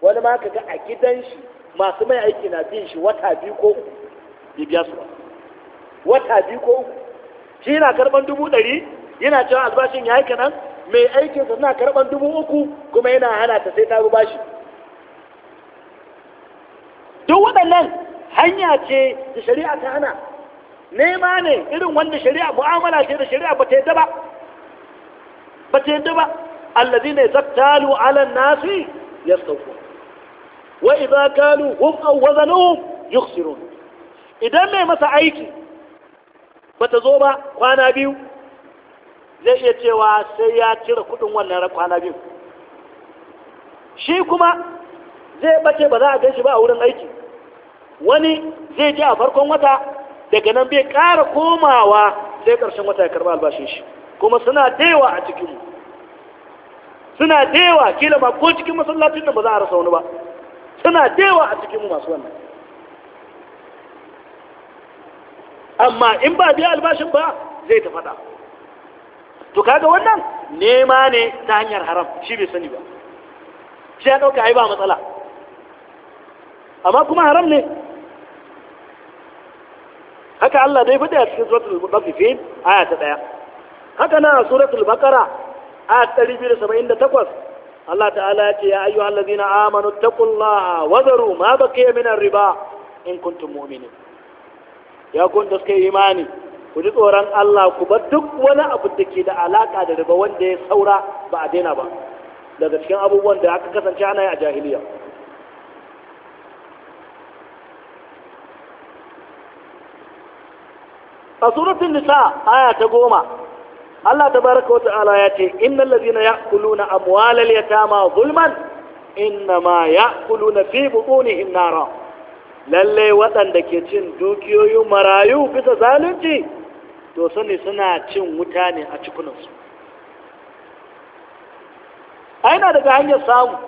wani ma ka ga a gidan shi masu mai aiki na bin shi wata biyu ko uku bai biya su ba wata biyu ko uku shi yana karɓan dubu ɗari yana cewa albashin ya haika nan mai aikin sa suna karɓan dubu uku kuma yana hana ta sai ta bi bashi duk waɗannan hanya ce da shari'a ta hana nema ne irin wanda shari'a mu'amala ce da shari'a ba ta yi ba ba ta yadda ba allazi ne zattalu ala nasi ya sauko wa idza kalu hum aw wazanuhum yukhsirun idan mai masa aiki bata zo ba kwana biyu zai iya cewa sai ya cire kudin wannan kwana biyu shi kuma zai bace ba za a gan ba a wurin aiki wani zai je a farkon wata daga nan bai ƙara komawa sai ƙarshen wata ya karba albashin shi kuma suna daewa a cikinmu suna daewa kila ba ko cikin masallacin da ba za a rasa wani ba suna daewa a cikinmu masu wannan amma in ba biya albashin ba zai ta fada to kaga wannan nema ne ta hanyar haram shi bai sani ba shi ya ɗauka ai ba matsala amma kuma haram ne haka Allah dai fada a cikin suratul mutaffifin aya ta ɗaya haka nan a suratul bakara a 278 Allah ta'ala ya ce ya ayyuhal allazina amanu taqullaha wa dharu ma baqiya min riba in kuntum mu'minin ya kun da suka yi imani ku ji tsoron Allah ku bar duk wani abu da ke da alaka da riba wanda ya saura ba a daina ba daga cikin abubuwan da aka kasance ana yi a jahiliya a suratun nisa aya ta goma Allah tabaraka wa ta'ala ya ce innal ladhina ya'kuluna amwalal yatama zulman innama ya'kuluna fi butunihim nara lalle waɗanda ke cin dukiyoyin marayu bisa zalunci to sani suna cin wuta ne a cikunansu aina daga hanyar samu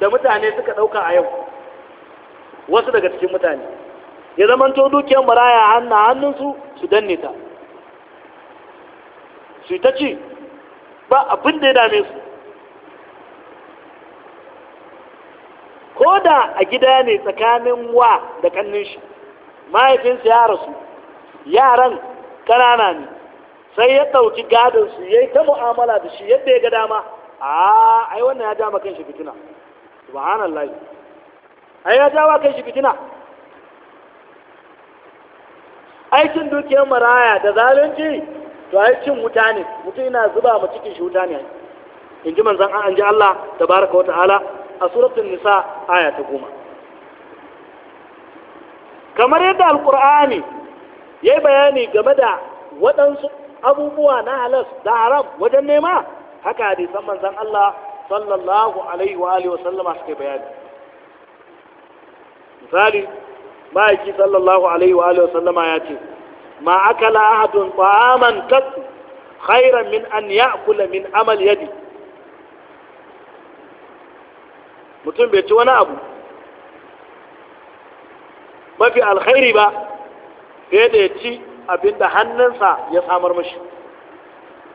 da mutane suka ɗauka a yau wasu daga cikin mutane ya zamanto dukiyar maraya hannun hannunsu su danne ta su ta ci ba abin da ya dame su ko da a gida ne tsakanin wa da kannin shi mahaifinsa ya rasu yaran ƙanana ne sai ya ɗauki gadonsu ya yi ta mu'amala da shi yadda ya ga dama a ai wannan ya jama kan shi fitina subhanallah ai ya jama kan shi fitina aikin dukiyar maraya da zalunci to ai cin wuta ne mutum yana zuba ma cikin shi wuta ne in ji manzan an ji Allah tabaraka wa ta'ala a suratul nisa aya ta goma kamar yadda alqur'ani ya yi bayani game da waɗansu abubuwa na halas da haram wajen nema haka san manzan Allah sallallahu alaihi wa alihi sallama suke bayani misali ma'aiki sallallahu alaihi wa alihi wasallama ya ce ma akala ahadun ta'aman kat khairan min an ya'kula min amal yadi mutum bai ci wani abu mafi alkhairi ba sai da ya ci abinda hannunsa ya samar mashi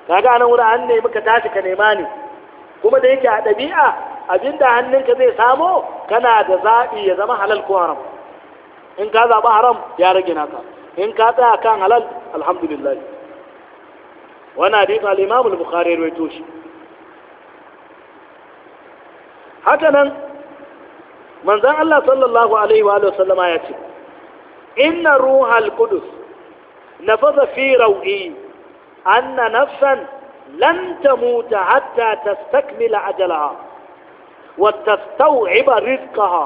kaga anan wurin an nemi ka tashi ka nema ne kuma da yake a ɗabi'a abinda hannunka zai samo kana da zaɓi ya zama halal ko haram in ka zaɓi haram ya rage naka in ka tsaya kan halal alhamdulillah wani hadith al-imam al-bukhari ya rawaito shi haka nan manzon Allah sallallahu alaihi wa sallama ya ce inna ruhal qudus nafaza fi rawi anna nafsan lan tamuta hatta tastakmila ajalaha wa tastaw'iba rizqaha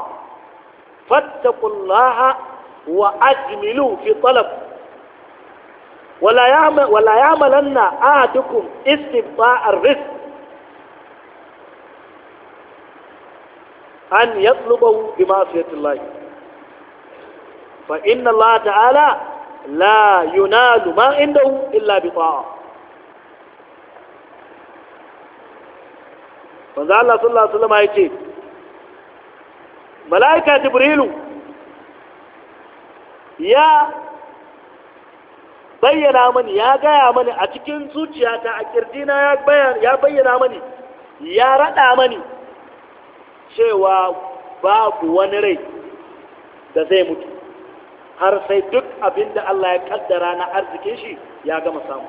fattaqullaha وأجملوا في طلب ولا يعمل ولا يعملن أحدكم استبطاء الرزق أن يطلبه بمعصية الله فإن الله تعالى لا ينال ما عنده إلا بطاعة فذا الله صلى الله عليه وسلم يقول ملائكة جبريل ya bayyana mani ya gaya mani a cikin zuciyata a kirjina ya bayyana mani ya raɗa mani cewa babu wani rai da zai mutu har sai duk abin da Allah ya kaddara na arzikin shi ya gama samu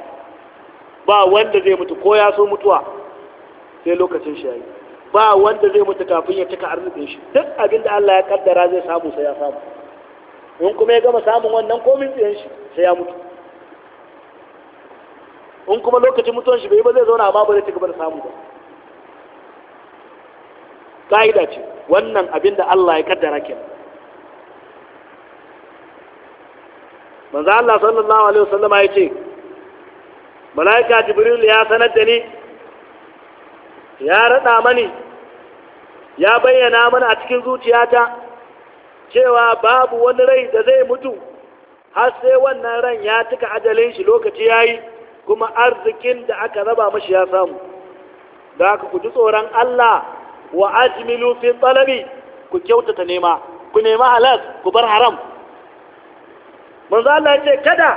ba wanda zai mutu ko ya so mutuwa sai lokacin shi yi. ba wanda zai mutu kafin ya cika arzikin shi duk abin da Allah ya kaddara zai samu sai ya samu in kuma ya gama samun wannan komin tsayen shi sai ya mutu in kuma lokacin mutuwan shi bai ba zai zauna amma ba zai ci gaba da samu ba ka'ida ce wannan abin da Allah ya kaddara ke manzo Allah sallallahu alaihi wasallama ya ce malaika jibril ya sanar da ni ya rada mani ya bayyana mana a cikin zuciyata cewa babu wani rai da zai mutu har sai wannan ran ya cika ajalin shi lokaci ya yi kuma arzikin da aka raba mashi ya samu da ka ku ji tsoron Allah wa ajmilu fi talabi ku kyautata nema ku nema halal ku bar haram manzo Allah ya ce kada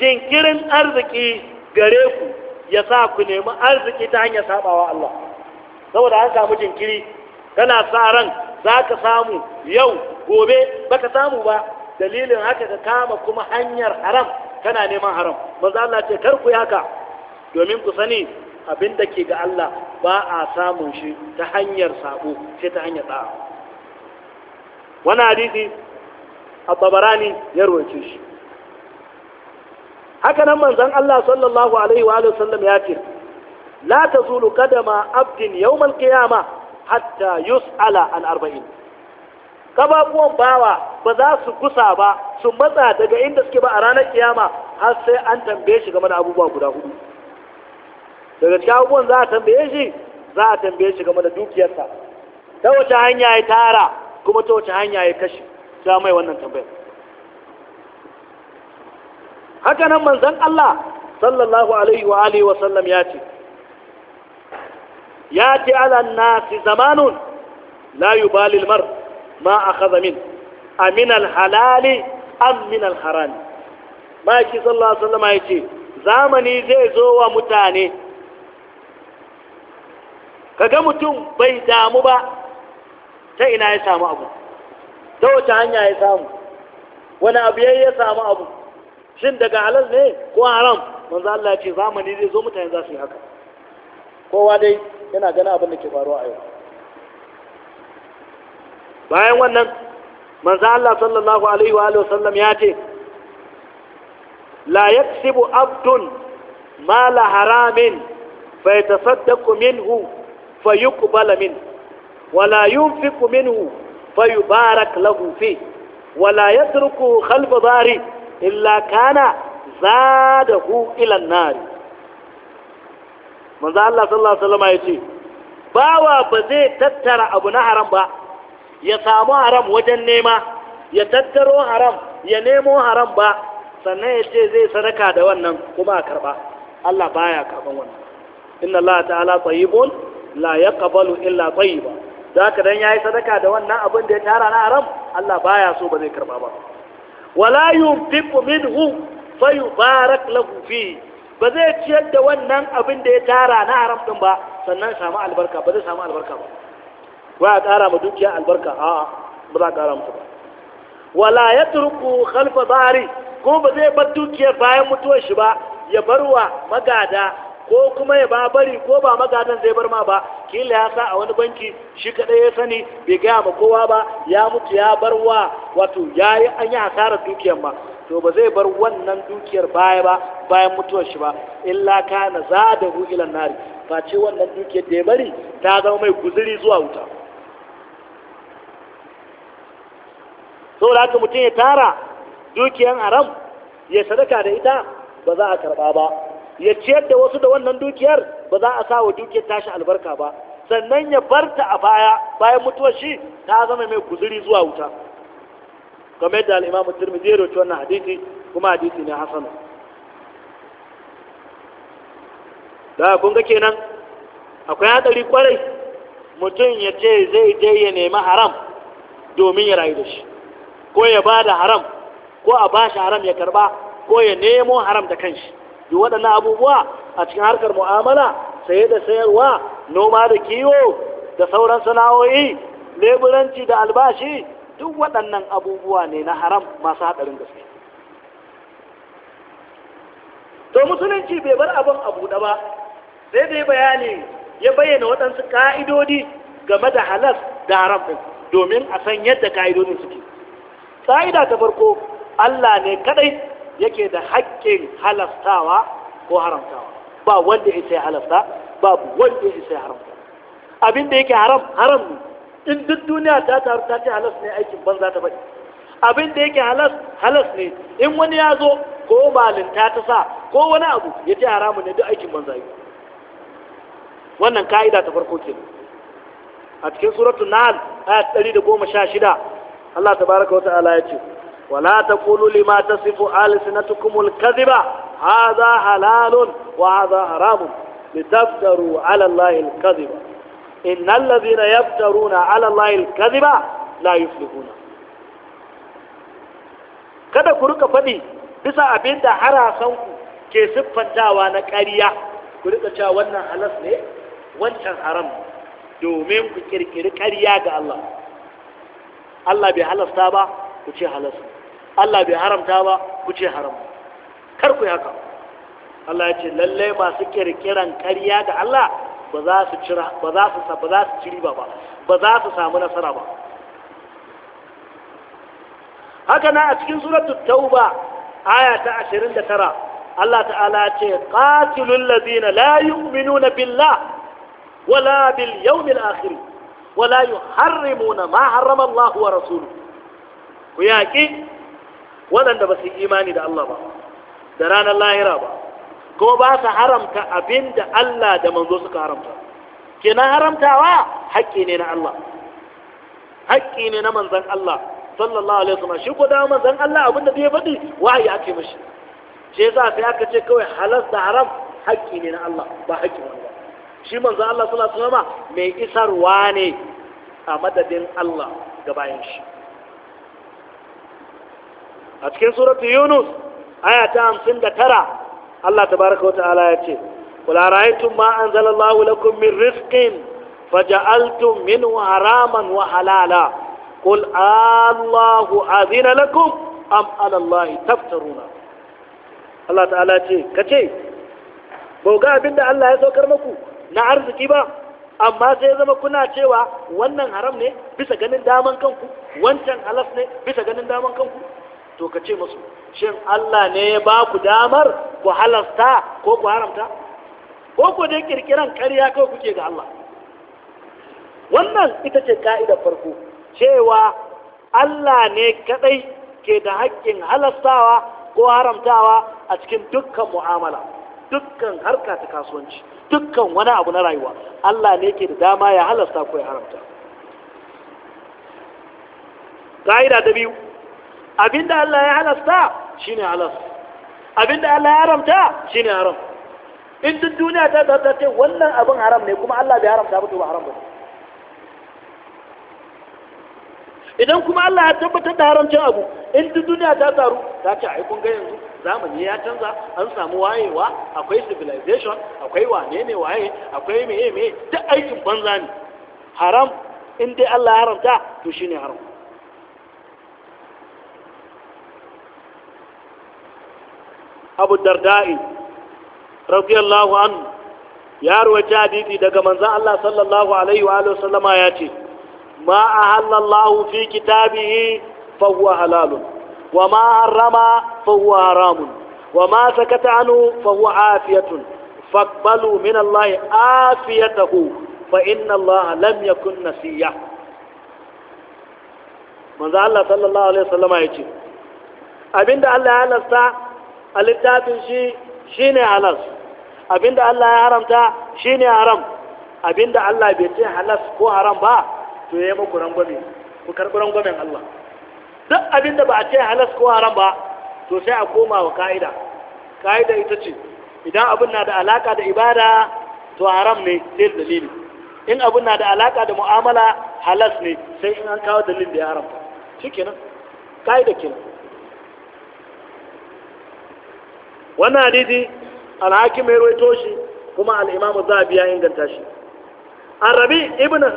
jinkirin arziki gare ku ya sa ku nemi arziki ta hanyar sabawa Allah saboda an samu jinkiri kana sa ran za ka samu yau gobe baka samu ba dalilin haka ka kama kuma hanyar haram kana neman haram manzo Allah ce kar ku yi haka domin ku sani abin da ke ga Allah ba a samun shi ta hanyar sabo sai ta hanyar da'a wani hadisi a tabarani ya rawace shi haka nan manzon Allah sallallahu alaihi wa sallam ya ce la tazulu qadama abdin yawm al-qiyamah hatta yus'ala an arba'in kababuwan bawa ba za su kusa ba su matsa daga inda suke ba a ranar kiyama har sai an tambaye shi game da abubuwa guda hudu daga cikin abubuwan za a tambaye shi za a tambaye shi game da dukiyarsa ta wace hanya ya tara kuma ta wace hanya ya kashe ta mai wannan tambayar haka nan manzon Allah sallallahu alaihi wa alihi wa sallam ya ce ya ce ala nasi zamanun la yi al-mar' ma akhadha min amin alhalali am min alharami ma ki sallallahu alaihi wasallam yace zamani zai zo wa mutane kaga mutum bai damu ba ta ina ya samu abu ta wace hanya ya samu wani abu ya samu abu shin daga halal ne ko haram manzo Allah ce zamani zai zo mutane za su yi haka kowa dai yana gani abin da ke faruwa a yau bayan wannan manzo Allah sallallahu alaihi wa alihi wasallam ya ce la yaksibu abdun ma mala haramin fa yatasaddaqu minhu fa yuqbala min wa la yunfiqu minhu fa yubarak lahu fi wa la yatruku khalfa dari illa kana zadahu ila an-nar manzo Allah sallallahu alaihi wa alihi ya ce bawa ba zai tattara abu na haram ba ya samu haram wajen nema ya tattaro haram ya nemo haram ba sannan ya ce zai sadaka da wannan kuma a karba Allah baya karban wannan inna Allah ta'ala tayyibun la yaqbalu illa tayyiba zaka dan yayi sadaka da wannan abin da ya tara na haram Allah baya so ba zai karba ba wala yunfiqu minhu fayubarak lahu fi ba zai ciyar da wannan abin da ya tara na haram din ba sannan samu albarka ba zai samu albarka ba wa a ƙara ma dukiya albarka a ba za a ƙara musu ba wala ya turku khalfa bari ko ba zai bar dukiyar bayan mutuwar shi ba ya bar wa magada ko kuma ya ba bari ko ba magadan zai bar ma ba kila ya sa a wani banki shi kaɗai ya sani bai gaya ma kowa ba ya mutu ya bar wa wato ya yi an yi hasarar dukiyar ma to ba zai bar wannan dukiyar baya ba bayan mutuwar shi ba illa kana za da hu ilan nari face wannan dukiyar da ya bari ta zama mai guzuri zuwa wuta da haka mutum ya tara dukiyan haram ya sadaka da ita ba za a karba ba ya ciyar da wasu da wannan dukiyar ba za a sa wa dukiyar tashi albarka ba sannan ya barta a baya bayan mutuwar shi ta zama mai kuzuri zuwa wuta kamar da al'imam mutum ya roci wannan hadisi kuma hadisi ne hasan da kun ga kenan akwai hadari kwarai mutum ya ce zai je ya nemi haram domin ya rayu da shi ko ya ba da haram ko a ba shi haram ya karba ko ya nemo haram da kanshi duk waɗannan abubuwa a cikin harkar mu'amala saye da sayarwa noma da kiwo da sauran sana'o'i leburanci da albashi duk waɗannan abubuwa ne na haram masu haɗarin gaske to musulunci bai bar abin a buɗe ba sai dai bayani ya bayyana waɗansu ƙa'idodi game da halas da haram ɗin domin a san yadda ƙa'idodin suke ƙa'ida ta farko Allah ne kadai yake da haƙƙin halastawa ko haramtawa ba wanda ya sai halafta babu wanda ya sai haramta abin da yake haram haram ne in duk duniya ta taru ta ce halas ne aikin banza ta faɗi abin da yake halas halas ne in wani ya zo ko malinta ta sa ko wani abu ya ce haramun ne duk aikin banza yi wannan ka'ida ta farko ke a cikin suratul nahl ayat 116 Allah tabaraka wa ta'ala ya ce wala taqulu lima tasifu alsinatukum alkadhiba hadha halalun wa hadha haramun litaftaru ala Allah alkadhiba innal yaftaruna ala Allah alkadhiba la yuflihuna kada ku rika faɗi bisa abin da ku ke siffantawa na ƙarya ku rika cewa wannan halas ne wancan haram domin ku kirkiri ƙarya ga Allah Allah bai halasta ba ku ce halasta Allah bai haramta ba ku ce haram kar ku haka Allah ya ce lalle masu kirkiran kariya ga Allah ba za su cira ba za su ba za su ciri ba ba za su samu nasara ba haka na a cikin suratul tauba aya ta 29 Allah ta'ala ya ce qatilul ladina la yu'minuna billah wala bil yawmil akhir wala yuharrimuna ma harrama Allah wa rasuluhu ku yaƙi waɗanda ba su yi imani da Allah ba da ranar lahira ba kuma ba su haramta abin da Allah da manzo suka haramta kenan haramtawa haƙƙi ne na Allah haƙƙi ne na manzon Allah sallallahu alaihi wasallam shi ko da manzon Allah abin da zai faɗi wahayi ake mishi sai aka ce kawai halas da haram haƙƙi ne na Allah ba shi manzo Allah suna suna mai isarwa ne a madadin Allah ga bayan shi a cikin suratu yunus aya ta hamsin da tara Allah ta baraka wa ta'ala ya ce kula ra'aitun ma an zalallahu lakum min rizqin faja'altum minhu haraman wa halala قل الله أذن لكم أم على الله تفترون الله تعالى كتي بوغا بند الله يسوكر مكو na arziki ba amma sai zama kuna cewa wannan haram ne bisa ganin daman kanku wancan halas ne bisa ganin daman kanku to ka ce musu shin Allah ne ya ba ku damar ku halasta ko ku haramta ko ku dai kirkiran ƙarya kawai kuke ga Allah wannan ita ce ka'ida farko cewa Allah ne kadai ke da haƙƙin halastawa ko haramtawa a cikin dukkan mu'amala dukkan harka ta kasuwanci dukkan wani abu na rayuwa Allah ne ke da dama ya halasta ko ya haramta Ka'ida ta biyu abinda Allah ya halasta shine halas abinda Allah ya haramta shine haram in duk duniya ta ta wannan abin haram ne kuma Allah bai haramta ba to ba haram ba idan kuma Allah ya tabbatar da haramcin abu in duk duniya ta taru ta ce ai kun ga yanzu zamani ya canza an samu wayewa akwai civilization akwai wane ne waye akwai meye meye duk aikin banza ne haram in dai Allah ya haramta to shine haram Abu Darda'i radiyallahu anhu ya rawaita hadisi daga manzon Allah sallallahu alaihi wa alihi wasallama ya ce ما أحل الله في كتابه فهو حلال وما حرم فهو حرام وما سكت عنه فهو عافية فاقبلوا من الله عافيته فإن الله لم يكن نسيا من الله صلى الله عليه وسلم يجي abinda Allah ya halasta a littafin shi shi ne halas الله Allah ya haramta shi ne haram abinda Allah الله ce halas ko haram ba to ya muku rangwame ku karɓi rangwamen Allah duk abin da ba a ce halas ko haram ba to sai a koma wa ka'ida ka'ida ita ce idan abin na da alaka da ibada to haram ne sai da dalili in abin na da alaka da mu'amala halas ne sai in an kawo dalilin da ya haram shikenan ka'ida kenan wannan hadisi alhakim ya rawaito shi kuma al-imam zabiya inganta shi arabi ibnu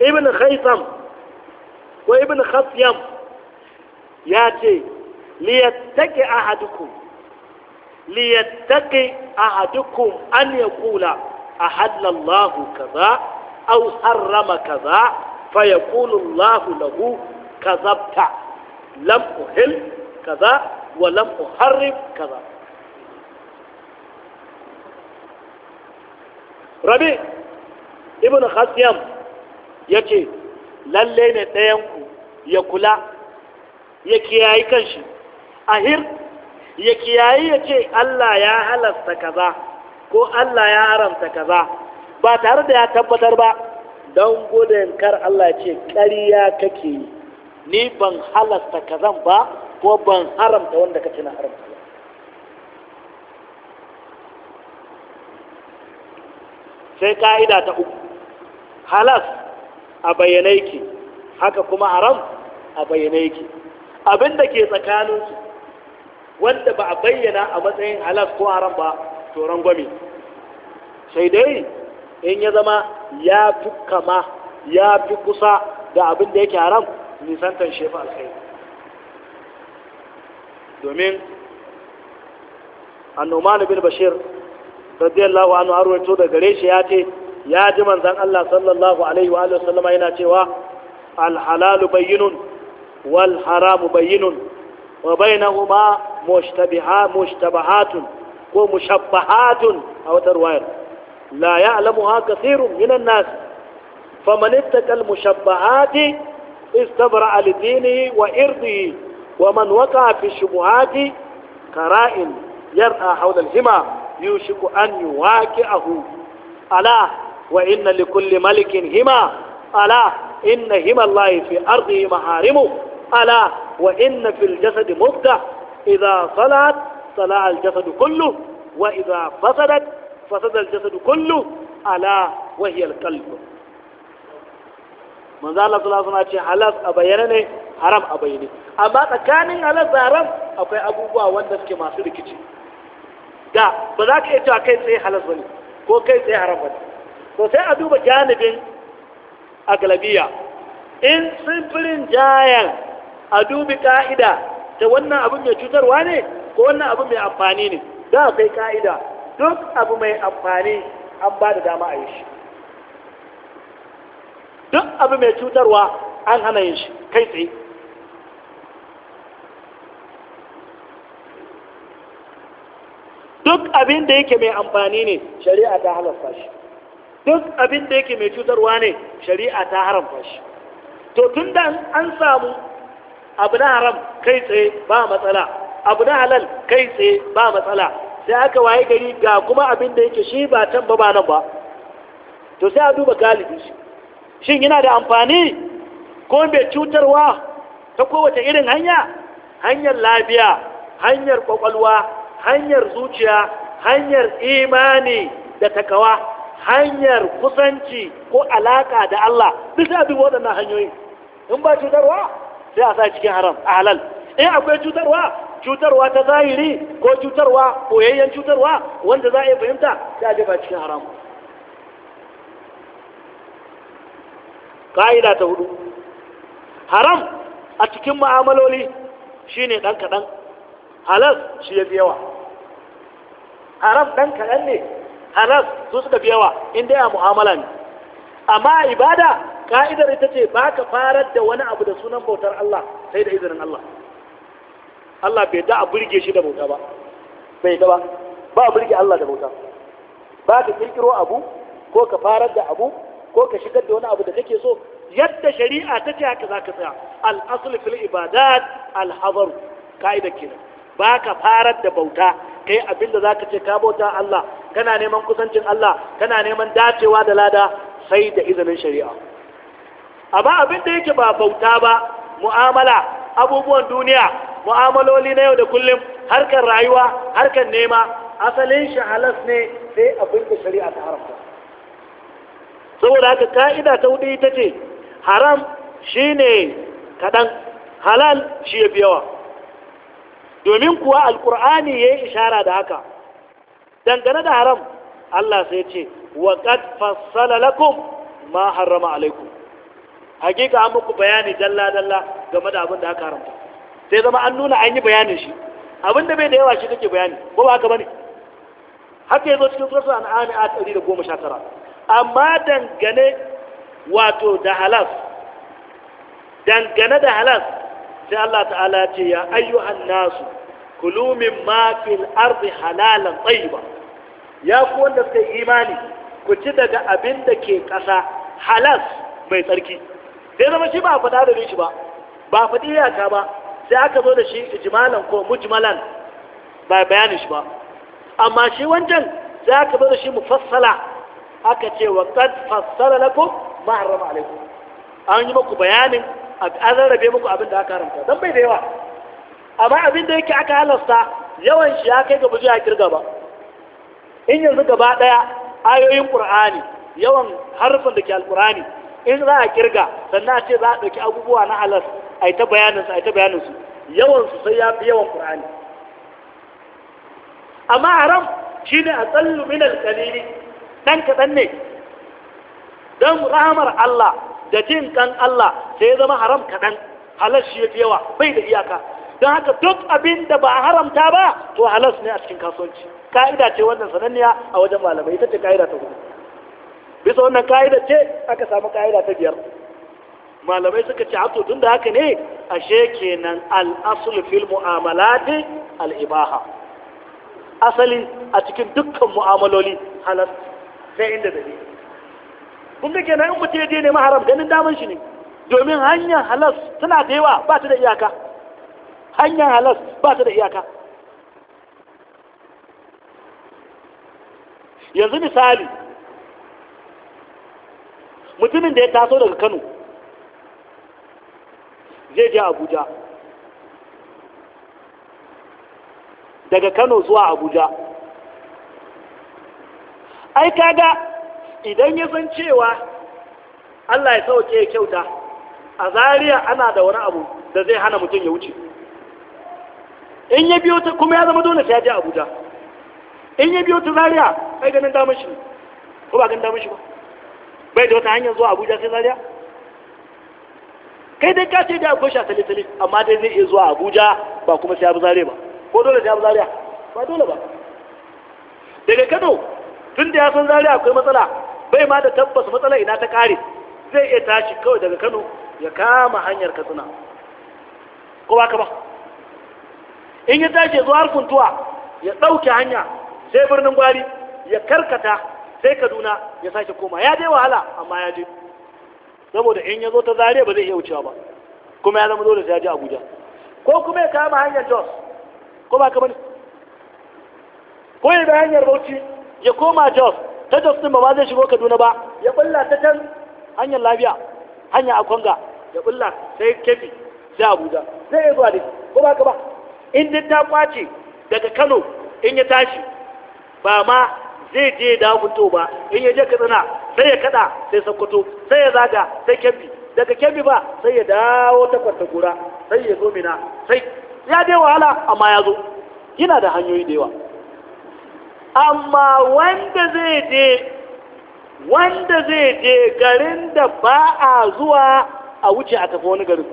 ibn khaitam ko ibn khasyam ya ce liyattaki ahadukum liyattaki ahadukum an yaqula ahalla Allahu kaza aw harrama kaza فيقول الله له كذبت لم أهل كذا ولم أحرم كذا ربي ابن خسيم ya ce lalle ne ɗayanku ya kula ya kiyayi kanshi ahir ya kiyayi ya ce Allah ya halasta kaza ko Allah ya haramta kaza ba tare da ya tabbatar ba don gudun kar Allah ce ƙarya kake yi ni ban halasta kazan ba ko ban haramta wanda kace na haramta sai ka'ida ta uku halas a bayyane ki haka kuma haram a bayyane ki abinda ke tsakaninsu wanda ba a bayyana a matsayin halal ko haram ba to rangwame sai dai in ya zama ya fi kama ya fi kusa da abinda yake haram nisantan shefa alkhairi domin annoman bin bashir radiyallahu anhu an da gare shi ya ce ya ji manzan Allah sallallahu alaihi wa sallama yana cewa alhalalu bayyinun wal haramu bayyinun wa bainahuma mushtabahatun ko mushabbahatun a wata ruwayar la ya'lamuha kathirun minan nas faman ittaqa al mushabbahati istabra'a li dinihi wa irdihi wa man waqa'a fi shubuhati kara'in yar'a hawla al hima yushiku an yuwaqi'ahu ala wa inna li kulli malikin hima ala inna hima Allah fi ardihi maharimu ala wa inna fil jasad mudda idza salat sala al jasad kullu wa idza fasadat fasada al jasad kullu ala wa hiya al qalb manzo Allah sallallahu alaihi ce halas a bayyana ne haram a bayyane amma tsakanin halas da haram akwai abubuwa wanda suke masu rikici da ba za ka iya cewa kai tsaye halas bane ko kai tsaye haram bane to sai a duba janibin galabiya, in simfirin jayan a dubi ka'ida ta wannan abu mai cutarwa ne ko wannan abu mai amfani ne za a kai ka'ida duk abu mai amfani an ba da dama a yi shi duk abu mai cutarwa an hana yin shi kai tsaye duk abin da yake mai amfani ne shari'a ta halasta shi duk abin da yake mai cutarwa ne shari'a ta haramta shi to tun da an samu abu na haram kai tsaye ba matsala abu na halal kai tsaye ba matsala sai aka waye gari ga kuma abin da yake shi ba can ba nan ba to sai a duba galibi shi shin yana da amfani ko mai cutarwa ta kowace irin hanya hanyar lafiya hanyar kwakwalwa hanyar zuciya hanyar imani da takawa hanyar kusanci ko alaka da Allah duk sai abin waɗannan hanyoyi in ba cutarwa sai a sa cikin haram a halal in akwai cutarwa cutarwa ta zahiri ko cutarwa koyayyen cutarwa wanda za a yi fahimta sai a jefa cikin haram ka'ida ta hudu haram a cikin ma'amaloli shine dan kaɗan halal shi ya yawa haram dan kaɗan ne Haras su suka fi yawa in dai a mu'amala ne amma ibada ka'idar ita ce ba ka farar da wani abu da sunan bautar Allah sai da izinin Allah Allah bai da a burge shi da bauta ba bai da ba ba a burge Allah da bauta ba ka kirkiro abu ko ka farar da abu ko ka shigar da wani abu da kake so yadda shari'a ta ce haka za ka tsaya al'asul fil ibadat al-hazar ka'idar kenan ba ka farar da bauta kai abinda da za ka ce ka bauta Allah kana neman kusancin Allah kana neman dacewa da lada sai da izinin shari'a amma abin da yake ba bauta ba mu'amala abubuwan duniya mu'amaloli na yau da kullum harkar rayuwa harkar nema asalin shi halas ne sai abin da shari'a ta haramta saboda haka ka'ida ta hudu ita ce haram shine kaɗan halal shi ya fi yawa domin kuwa alkur'ani ya yi ishara da haka dangane da haram Allah sai ce wa qad fassala lakum ma harrama alaikum hakika an muku bayani dalla dalla game da abin da aka haramta sai zama an nuna an yi bayanin shi abin da bai da yawa shi ke bayani ko ba haka bane haka yazo cikin sura an'am ayat 119 amma dangane wato da halas dangane da halas sai Allah ta'ala ce ya ayyuhan nasu Kulumin min ma halalan tayyiba ya fi wanda suka yi imani ku ci daga abin da ke ƙasa halas mai tsarki sai zama shi ba a faɗa da shi ba ba a faɗi iyaka ba sai aka zo da shi ijmalan ko mujmalan ba bayanin shi ba amma shi wancan sai aka zo da shi mufassala aka ce wa qad fassala na ko harrama alaikum an yi muku bayanin an rarrabe muku abin da aka haramta dan bai da yawa amma abin da yake aka halasta yawan shi ya kai ga buji a kirga ba in yanzu gaba ɗaya ayoyin ƙur'ani yawan harfin da ke alƙur'ani in za a kirga sannan a ce za a ɗauki abubuwa na halas a ta bayanansu, a ta yawan su sai ya fi yawan ƙur'ani amma haram shine ne a tsallu min al-qalili dan kaɗan ne dan rahamar Allah da jin kan Allah sai ya zama haram kaɗan halas shi ya fi yawa bai da iyaka don haka duk abin da ba a haramta ba to halas ne a cikin kasuwanci ka'ida ce wannan sananniya a wajen malamai ita ce ka'ida ta hudu bisa wannan ka'ida ce aka samu ka'ida ta biyar malamai suka ce hato tun da haka ne ashe kenan al'asul fil mu'amalati al'ibaha asali a cikin dukkan mu'amaloli halas sai inda da ne kun da kenan in mutum ya je ne maharam ganin daman shi ne domin hanyar halas tana da yawa ba ta da iyaka hanyar halas ba ta da iyaka yanzu misali mutumin da ya taso daga kano zai je abuja daga kano zuwa abuja ai kaga idan ya san cewa allah ya sauke ya kyauta a zariya ana da wani abu da zai hana mutum ya wuce in ya biyo ta kuma ya zama dole sai ya je abuja in ya biyo ta zaria bai ganin damar shi ko ba ganin damar shi ba bai da wata hanyar zuwa abuja sai zaria kai dai ka ce da akwai sha tale amma dai zai iya zuwa abuja ba kuma sai ya bi zaria ba ko dole sai ya bi zaria ba dole ba daga kano tun da ya san zaria akwai matsala bai ma da tabbas matsala ina ta kare zai iya tashi kawai daga kano ya kama hanyar katsina ko ba ka ba in ya tashi zuwa har kuntuwa ya ɗauke hanya sai birnin gwari ya karkata sai kaduna ya sake koma ya je wahala amma ya je saboda in ya zo ta zare ba zai iya wucewa ba kuma ya zama dole sai ya je abuja ko kuma ya kama hanyar jos ko ba kamar ko ya bi hanyar bauchi ya koma jos ta jos din ba ba zai shigo kaduna ba ya bulla ta can hanyar lafiya hanyar akwanga ya bulla sai kefi sai abuja zai iya zuwa dai ko ba ka ba in ta kwace daga kano in ya tashi ba ma zai je da fito ba in ya je katsina sai ya kada sai sokoto sai ya zaga sai kebbi daga kebbi ba sai ya dawo ta kwarta sai ya zo mina sai ya dai wahala amma ya zo yana da hanyoyi da yawa amma wanda zai je wanda zai je garin da ba a zuwa a wuce a tafi wani garin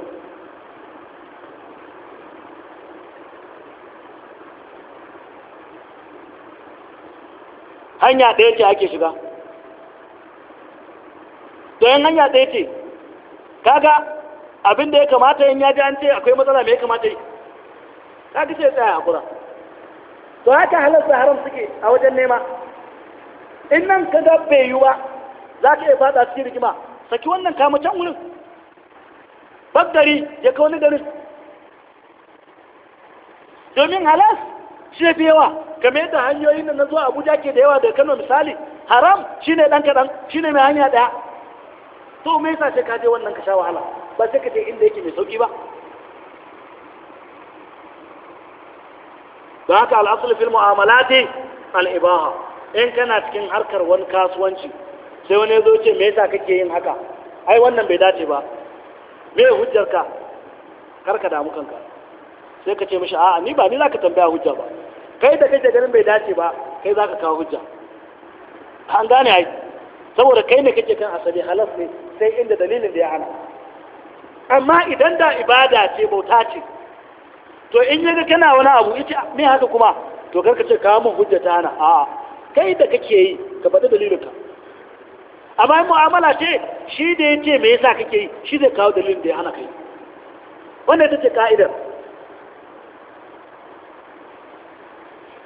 hanya ɗaya ce ake shiga to hanya ɗaya ce kaga abin da ya kamata yin yaji an ce akwai matsala mai ya kamata yi kaga ce tsaya a kura to haka halarsa haram suke a wajen nema in nan ka ga bai yi ba za ka iya fada cikin rigima saki wannan kamar can wurin baggari ya kawo ni garin domin halas shi ya fi yawa kamar yadda hanyoyin da na zuwa abuja ke da yawa da kano misali haram shine dan kadan shine mai hanya daya to me yasa sai ka je wannan ka sha wahala ba sai ka je inda yake mai sauki ba da haka al'asul fil mu'amalati al ibaha in kana cikin harkar wani kasuwanci sai wani ya zo ce me yasa kake yin haka ai wannan bai dace ba me hujjarka kar ka damu kanka sai ka ce mishi a'a ni ba ni za ka tambaya hujja ba kai da kake ganin bai dace ba kai za ka kawo hujja an gane ai saboda kai ne kake kan asali halas ne sai inda dalilin da ya hana amma idan da ibada ce bauta ce to in yaga kana wani abu ita me haka kuma to kar ka ce kawo min hujja ta hana a'a kai da kake yi ka faɗi dalilinka amma in mu'amala ce shi da ya ce me yasa kake yi shi zai kawo dalilin da ya hana kai wannan ita ce ka'idar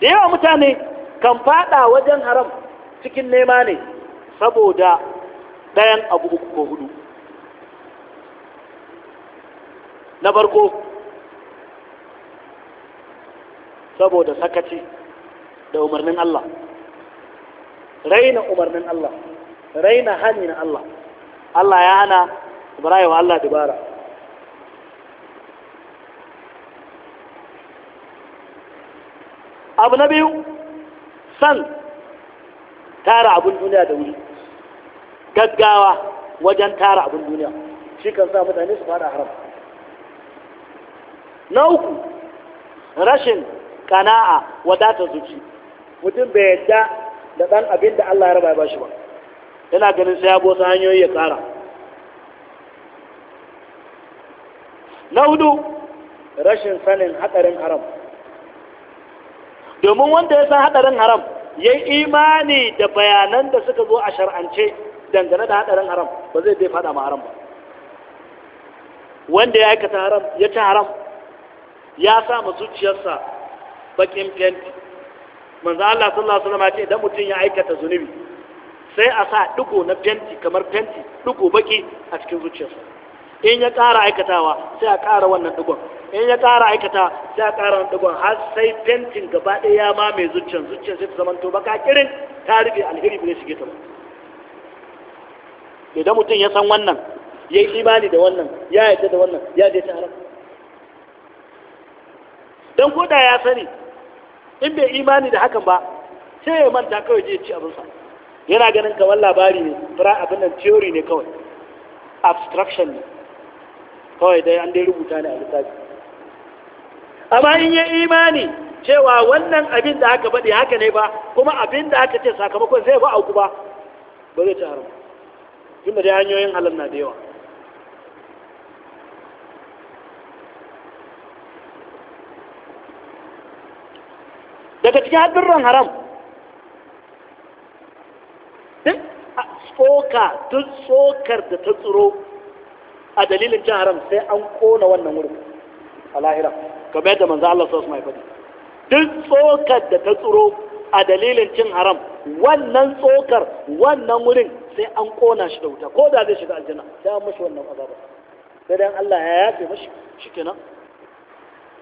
da yawa mutane kan fada wajen haram cikin nema ne saboda ɗayan abu uku ko hudu na farko saboda sakaci da umarnin Allah raina umarnin Allah raina hani na Allah Allah ya hana ibrahim Allah dubara abu na biyu san tara abin duniya da wuri gaggawa wajen tara abin duniya shi kan sa mutane su fara haram na uku rashin kana'a wadatar zuci mutum bai yadda da ɗan abin da Allah ya raba ya bashi ba yana ganin sai ya bosa hanyoyi ya tsara na hudu rashin sanin haɗarin haram domin wanda ya san hadarin haram ya yi imani da bayanan da suka zo a shar'ance dangane da hadarin haram ba zai bai fada ma haram ba wanda ya aikata haram ya ci haram ya sa ma zuciyarsa bakin fenti manzo Allah sallallahu alaihi wasallam ya ce idan mutum ya aikata zunubi sai a sa digo na fenti kamar fenti digo baki a cikin zuciyarsa in ya ƙara aikatawa sai a ƙara wannan digon in ya ƙara aikata sai a ƙara wannan digon har sai fentin gaba ɗaya ya ma mai zuciyar zuciyar sai ta zama to baka kirin ta rufe alheri bai shige ta ba idan mutum ya san wannan ya yi imani da wannan ya yarda da wannan ya je ta haram don ko da ya sani in bai imani da hakan ba sai ya manta kawai je ci abinsa yana ganin kamar labari ne fara abin nan theory ne kawai abstraction ne kawai dai an dai rubuta ne a littafi amma in yi imani cewa wannan abin da aka baɗi haka ne ba kuma abin da aka ce sakamakon zai ba auku ba ba zai ci haram tunda dai hanyoyin halal na da yawa daga cikin ran haram duk tsoka duk tsokar da ta tsoro. a dalilin cin haram sai an kona wannan wurin a lahira kamar yadda manzo Allah sallallahu alaihi wasallam duk tsokar da ta tsiro a dalilin cin haram wannan tsokar wannan wurin sai an kona shi da wuta ko da zai shiga aljanna sai an mashi wannan azaba sai dan Allah ya yafe mashi shikenan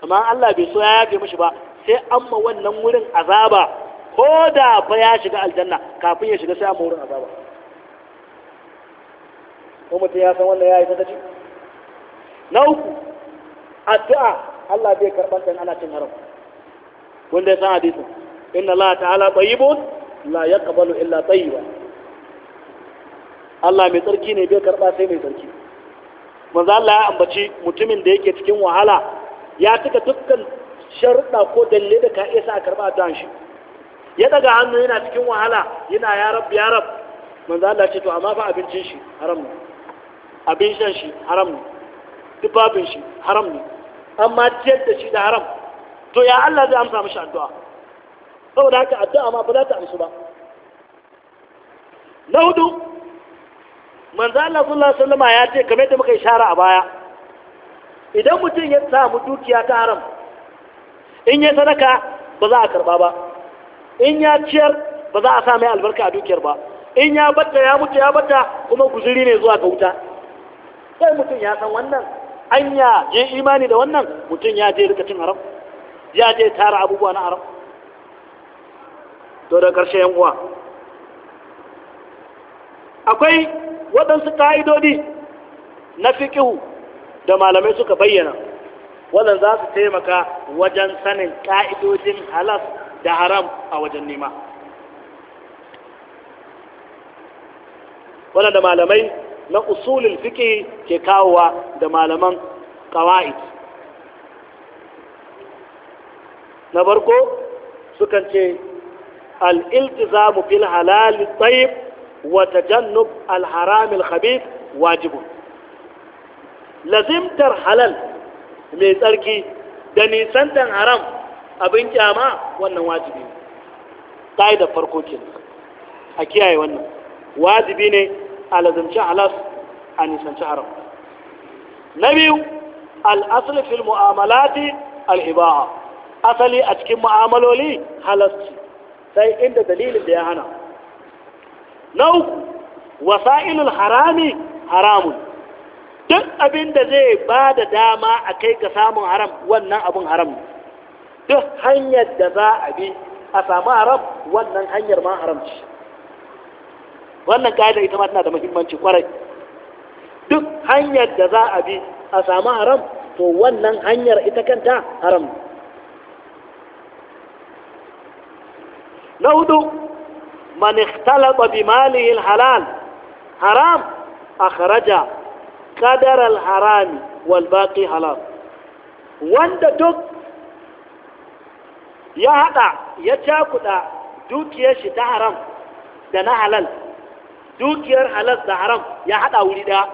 amma Allah bai so ya yafe mashi ba sai an ma wannan wurin azaba ko da ba ya shiga aljanna kafin ya shiga sai an ma wurin azaba ko mutum ya san wannan ya yi sakaci na uku addu'a Allah bai karɓar ta ana cin haram kun dai san hadisin inna Allah ta'ala tayyibun la yaqbalu illa tayyiba Allah mai tsarki ne bai karɓa sai mai tsarki manzo Allah ya ambaci mutumin da yake cikin wahala ya cika dukkan sharuɗa ko dalle da ka isa a karɓa addu'an shi ya daga hannu yana cikin wahala yana ya rab ya rab manzo Allah ce to amma fa abincin shi haram ne abin shan shi haram ne dubabin shi haram ne amma ciyar da shi da haram to ya Allah zai amsa mashi addu'a saboda haka addu'a ma ba za ta amsu ba na hudu manzo Allah sallallahu alaihi wasallam ya ce kamar da muka ishara a baya idan mutum ya samu dukiya ta haram in ya sadaka ba za a karba ba in ya ciyar ba za a sa mai albarka a dukiyar ba in ya batta ya mutu ya batta kuma guzuri ne zuwa ga wuta sai mutum ya san wannan an ya je imani da wannan mutum ya je rikacin haram ya je tara abubuwa na haram to da ƙarshe yan uwa akwai waɗansu ƙa'idodi na fiƙihu da malamai suka bayyana wannan za su taimaka wajen sanin ƙa'idodin halas da haram a wajen nema waɗanda malamai na usulul fiqh ke kawowa da malaman qawaid na farko sukan ce al fil halal tayyib wa tajannub al-haram al lazimtar halal mai tsarki da nisantan haram abin kyama wannan wajibi ne da farko ke a kiyaye wannan wajibi ne a halas a nisanci haram na biyu al'asali fil mu'amalati al'ibaha asali a cikin mu'amaloli halasci sai inda dalilin da ya hana na uku wasa'ilul harami haramun duk abin da zai ba da dama a kai ka samun haram wannan abin haram duk hanyar da za a bi a samu haram wannan hanyar ma haram ce wannan ka'ida ita ma tana da muhimmanci kwarai duk hanyar da za a bi a samu haram to wannan hanyar ita kanta haram na hudu man ikhtalata bi malihi halal haram akhraja qadar al haram wal baqi halal wanda duk ya hada ya cakuda dukiyar shi ta haram da na halal dukiyar halar da haram ya haɗa wuri ɗaya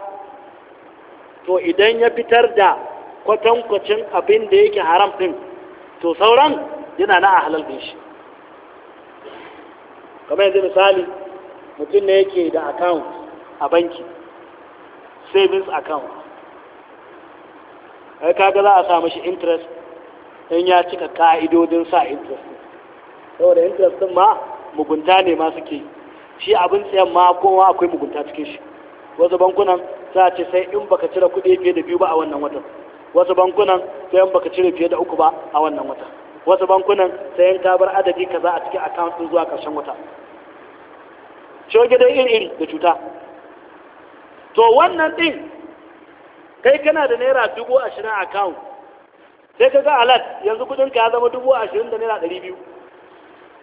to idan ya fitar da kwatankwacin abin da yake haram ɗin to sauran yana na a halal ɗin shi kamar yanzu misali mutum ne yake da account a banki savings account ai kaga za a sa mashi interest in ya cika ka'idodin sa interest saboda interest din ma mugunta ne ma suke yi shi abin tsayan ma kowa akwai mugunta cikin shi wasu bankunan za a ce sai in baka cire kuɗi fiye da biyu ba a wannan watan wasu bankunan sai in baka cire fiye da uku ba a wannan watan wasu bankunan sai in ka bar adadi kaza a cikin account din zuwa ƙarshen wata shoge gida iri iri da cuta to wannan din kai kana da naira dubu ashirin account sai ka ga alat yanzu kuɗinka ya zama dubu ashirin da naira ɗari biyu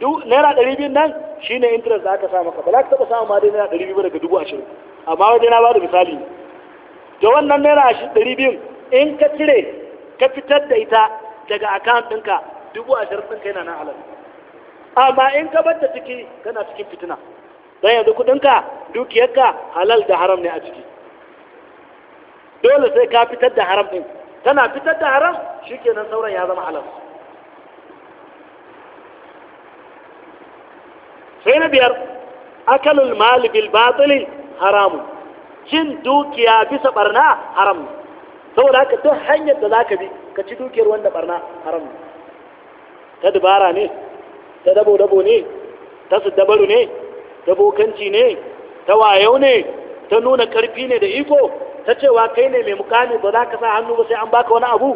duk naira ɗari biyun nan shi ne interest da aka sa maka ba za ka taɓa samun ma dai naira ɗari biyu daga dubu ashirin amma wajen na ba da misali da wannan naira ɗari biyun in ka cire ka fitar da ita daga account ɗinka dubu ashirin ɗinka yana nan halal amma in ka bar ta ciki kana cikin fitina don yanzu kuɗinka dukiyarka halal da haram ne a ciki dole sai ka fitar da haram ɗin tana fitar da haram shikenan sauran ya zama halal sai na biyar akalul mali bil batili haramun cin dukiya bisa barna haram saboda haka duk hanyar da zaka bi ka ci dukiyar wanda barna haram ta dubara ne ta dabo dabo ne ta dabaru ne ta bokanci ne ta wayo ne ta nuna karfi ne da iko ta cewa kai ne mai mukami ba za ka sa hannu ba sai an baka wani abu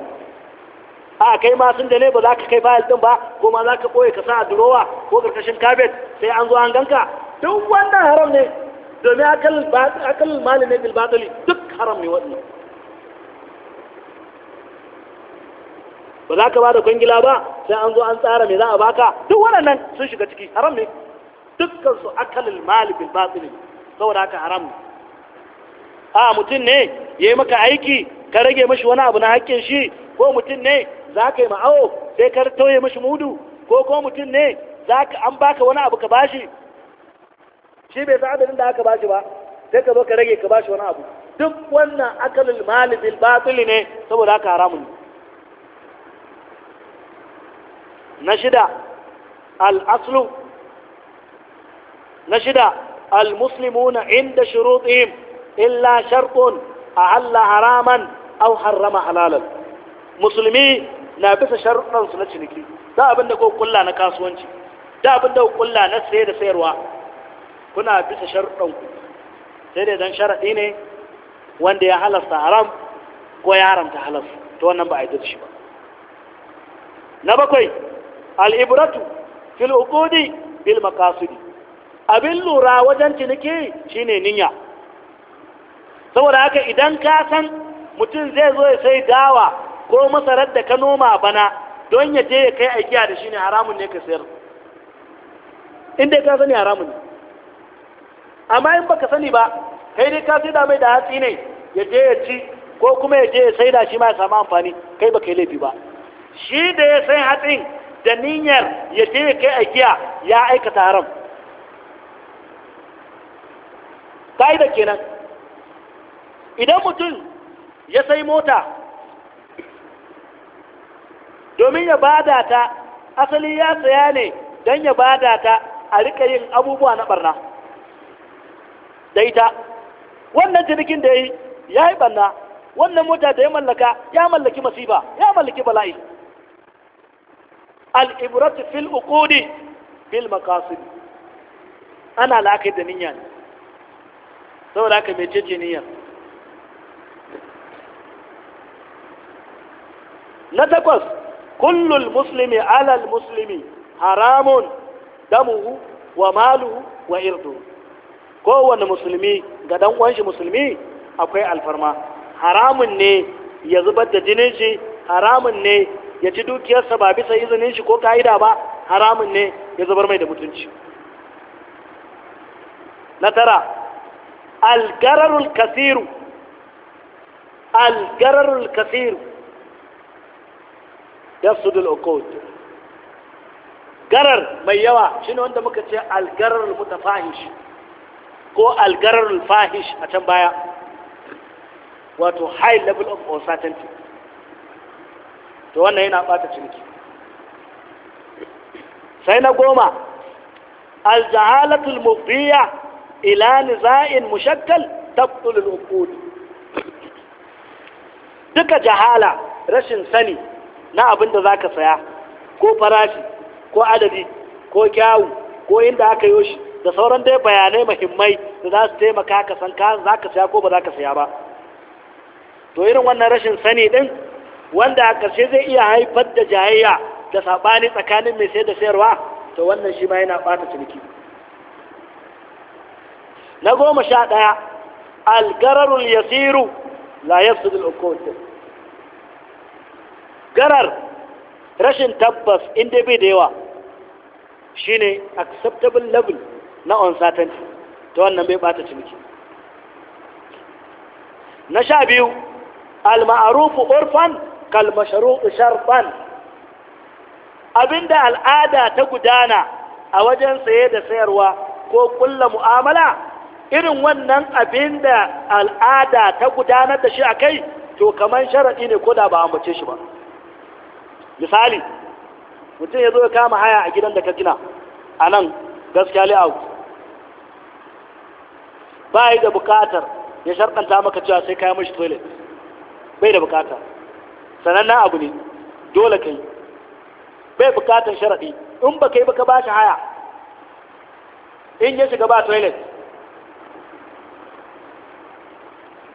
a kai ma sun da ne ba za ka kai fayil din ba ko ma za ka ɓoye ka sa a durowa ko ƙarƙashin kabet sai an zo an ganka duk wannan haram ne domin akal mali ne bil duk haram ne wannan ba za ka ba da kwangila ba sai an zo an tsara me za a baka duk waɗannan sun shiga ciki haram ne dukkan su akalil mali bil batili saboda haka haram ne a mutum ne ya yi maka aiki ka rage mashi wani abu na haƙƙin shi ko mutum ne za ka yi ma'awo sai ka tauye mashi mudu ko ko mutum ne za ka an baka wani abu ka bashi shi bai san adadin da aka bashi ba sai ka zo ka rage ka bashi wani abu duk wannan akalul mali bil batil ne saboda haka haramun na shida al aslu na shida al muslimuna inda shurutihim illa shartun Allah haraman au harrama halalan musulmi na bisa sharuɗansu na ciniki da abin da kuka kulla na kasuwanci da abin da kuka kulla na saye da sayarwa kuna bisa sharuɗanku sai dai don sharaɗi ne wanda ya halasta haram ko ya haramta halasta. to wannan ba a yi shi ba na bakwai al'ibratu fil uqudi bil maqasidi abin lura wajen ciniki shine niyya saboda haka idan ka san mutum zai zo ya sai dawa ko masarar da ka noma bana don ya je ya kai aikiya da shi ne haramun ne ka sayar inda ka sani haramun ne amma in baka sani ba kai dai ka sai da mai da hatsi ne ya je ya ci ko kuma ya je ya sai da shi ma ya samu amfani kai baka yi laifi ba shi da ya sai hatsin da niyyar ya je ya kai aikiya ya aikata haram ka'ida kenan idan mutum ya sai mota domin ya bada ta asali ya saya ne don ya bada ta a rika yin abubuwa na barna da ita wannan jirgin da ya yi ya yi barna wannan mota da ya mallaka ya mallaki masifa ya mallaki bala'i al'ibratu fil uqudi fil maqasid ana la'akai da niyya saboda aka mece ce niyya na takwas kullul muslimi alal muslimi haramun damuhu wa maluhu wa irdu kowane musulmi ga dan uwanshi musulmi akwai alfarma haramun ne ya zubar da jinin shi haramun ne ya ci dukiyarsa ba bisa izinin shi ko ka'ida ba haramun ne ya zubar mai da mutunci na tara algararul kasiru al-gararul kasiru yafsudul uqud garar mai yawa shine wanda muka ce algarar mutafahish ko algarar fahish a can baya wato high level of uncertainty to wannan yana bata ciniki sai na goma aljahalatul mubdiya ila niza'in mushakkal tabtul al duka jahala rashin sani na abin da za ka saya ko farashi ko adadi ko kyawu ko inda aka yi shi da sauran dai bayanai mahimmai da za su taimaka ka san ka za ka saya ko ba za ka saya ba to irin wannan rashin sani din wanda a ƙarshe zai iya haifar da jayayya da saɓani tsakanin mai sayar da sayarwa to wannan shi ma yana ɓata ciniki na goma sha ɗaya algararul yasiru la yasudul ukul garar rashin tabbas inda bai da yawa shi ne acceptable level na uncertainty ta wannan bai bata ciniki na sha biyu alma'arufu orphan kalmasharu sharfan abinda al'ada ta gudana a wajen saye da sayarwa ko kulla mu'amala irin wannan abinda al'ada ta gudanar da shi a kai to kamar sharaɗi ne ko da ba a mace shi ba misali mutum ya zo ya kama haya a gidan da ka gina a nan gaskiya layout ba yi da bukatar ya sharɗanta maka cewa sai kayan mashi toilet bai da bukata sanannan abu ne dole ka yi bai bukatar sharaɗi in ba ka yi ba ka ba shi haya in ya shiga ba toilet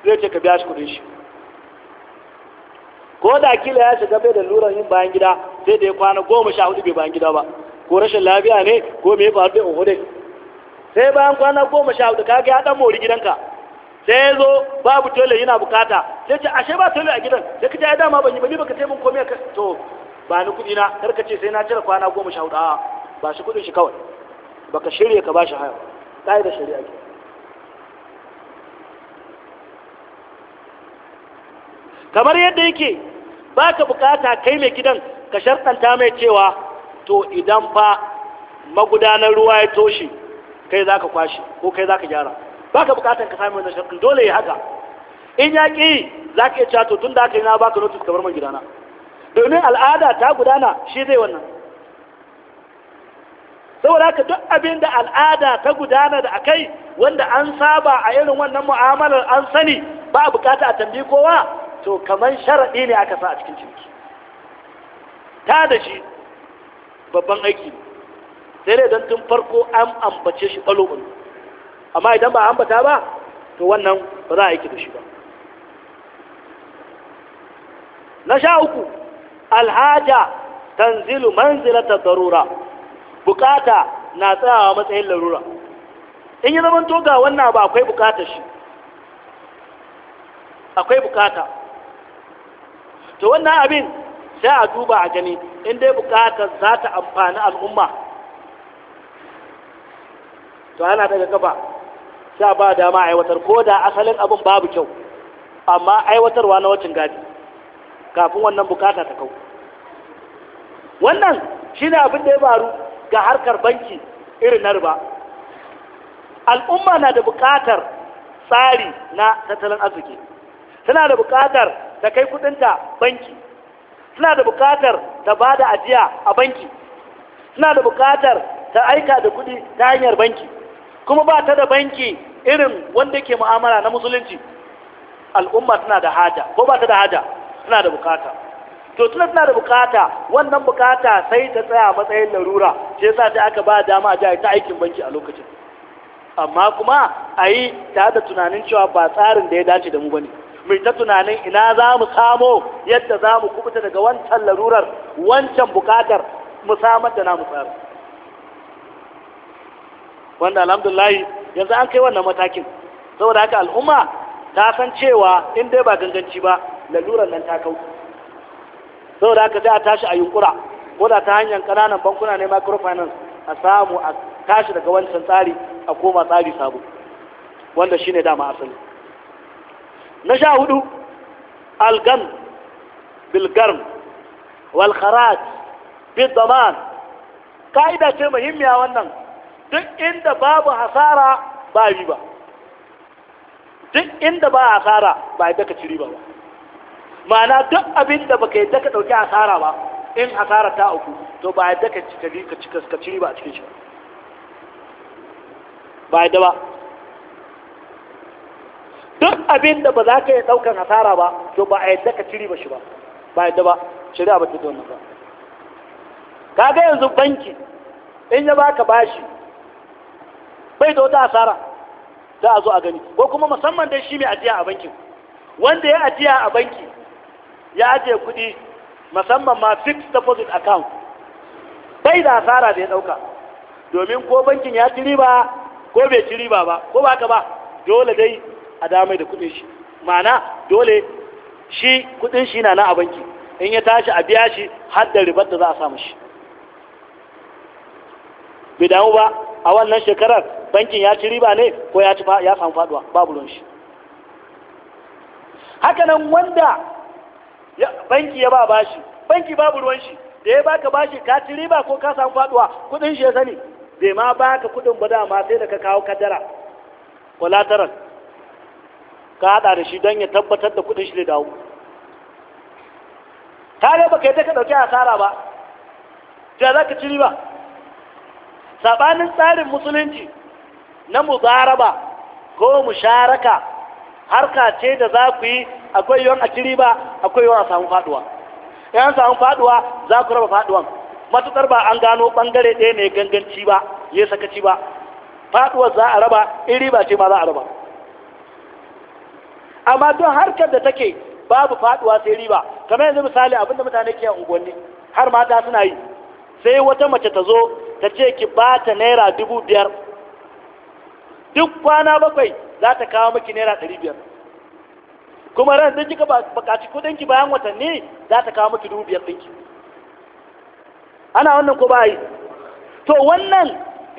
zai ce ka biya shi kudin shi ko da kila ya shiga bai da lura yin bayan gida sai da ya kwana goma sha hudu bai bayan gida ba ko rashin lafiya ne ko me ba bai oho sai bayan kwana goma sha hudu kaga ya dan mori gidanka sai ya zo babu tole yana bukata sai ce ashe ba tole a gidan sai ka yi dama ban yi ba ni baka mun komai ka to ba ni kudi na kar ka ce sai na cire kwana goma sha hudu a ba shi kudin shi kawai baka shirya ka bashi haya kai da shari'a ke kamar yadda yake ba ka bukata kai mai gidan ka shartanta mai cewa to idan fa magudanar ruwa ya toshe kai za ka kwashe ko kai za ka gyara ba ka bukatan ka samu wannan sharɗin dole ya haka in ya ƙi za ka iya cato to tun da aka yi na ba ka notis kamar man gidana domin al'ada ta gudana shi zai wannan saboda haka duk abin da al'ada ta gudana da akai wanda an saba a irin wannan mu'amalar an sani ba a bukata a tambayi kowa to kamar sharaɗi ne aka sa a cikin ciniki ta da shi babban aiki sai dai don tun farko an ambace shi ɓalo-ɓalo amma idan ba ambata ba to wannan ba za a aiki da shi ba na sha uku alhaja tanzilu manzilata darura bukata na tsayawa matsayin larura in yi zaman toga wannan ba akwai bukatar shi akwai bukata to wannan abin sai a duba a gani in dai bukatar za ta amfani al'umma to ana daga kafa sai ba dama aiwatar ko da asalin abin babu kyau amma aiwatarwa na wacin gadi kafin wannan bukata ta kau wannan shi ne abin da ya baru ga harkar banki irin na riba al'umma na da bukatar tsari na tattalin arziki tana da bukatar ta kai kudinta banki suna da bukatar ta ba da ajiya a banki suna da bukatar ta aika da kudi ta hanyar banki kuma ba ta da banki irin wanda ke mu'amala na musulunci al'umma suna da haja ko ba ta da haja suna da bukata to suna suna da bukata wannan bukata sai ta tsaya matsayin larura ce yasa ta aka ba dama a ta aikin banki a lokacin amma kuma a yi ta da tunanin cewa ba tsarin da ya dace da mu ba ne. mai ta tunanin ina za mu samo yadda za mu kubuta daga wancan larurar wancan bukatar mu samar da namu tsari wanda alhamdulahi yanzu an kai wannan matakin saboda haka al'umma ta san cewa in dai ba ganganci ba lalurar nan ta kau saboda haka sai a tashi a yunkura ko da ta hanyar ƙananan bankuna ne microfinance a samu a tashi daga wancan tsari a koma tsari sabo wanda shine dama asali na sha hudu Algan, bilgarm walkharat bidaman ka'ida ce muhimmiya wannan duk inda babu hasara ba riba duk inda ba hasara ba yadda ka ci riba ba ma'ana duk abin da baka yadda ka ɗauki hasara ba in hasara ta auku, to ba a cikin ba ba duk abin da ba za ka yi ɗaukar hasara ba to ba a yadda ka ciri ba shi ba ba yadda ba ciri a ta da nasara. ba kaga yanzu banki in ya baka bashi bai da wata hasara za a zo a gani ko kuma musamman dai shi mai ajiya a bankin wanda ya ajiya a banki ya ajiye kuɗi musamman ma fixed deposit account bai da hasara da ya ɗauka domin ko bankin ya ciri ba ko bai ciri ba ba ko ba ka ba dole dai a damai da kudin shi ma'ana dole shi kudin shi na nan a banki in ya tashi a biya shi har da ribar da za a samu shi bai damu ba a wannan shekarar bankin ya ci riba ne ko ya ci ya samu faduwa babu ruwan shi hakanan wanda banki ya ba bashi banki babu ruwan shi da ya baka bashi ka ci riba ko ka samu faduwa kudin shi ya sani bai ma baka kudin ba dama sai da ka kawo kadara collateral ka hada da shi don ya tabbatar da kudin shi da dawo kare baka ba ka ɗauki asara ba ta za ka ci riba sabanin tsarin musulunci na muzaraba ko mu musharaka harka ce da za ku yi akwai yawan a ci riba akwai yawan a samu faduwa Yawan samu faduwa za ku raba faduwan matuƙar ba an gano bangare ɗaya ne ganganci ba ya sakaci ba faduwar za a raba in riba ce ma za a raba amma don harkar da take babu faduwa sai riba kamar yanzu misali abinda mutane ke unguwanni har mata suna yi sai wata mace ta zo ta ce ki ba ta naira dubu biyar duk kwana bakwai za ta kawo miki naira ɗari biyar kuma ran da kika bukaci kudinki bayan watanni za ta kawo miki dubu biyar ɗinki ana wannan ko ba yi to wannan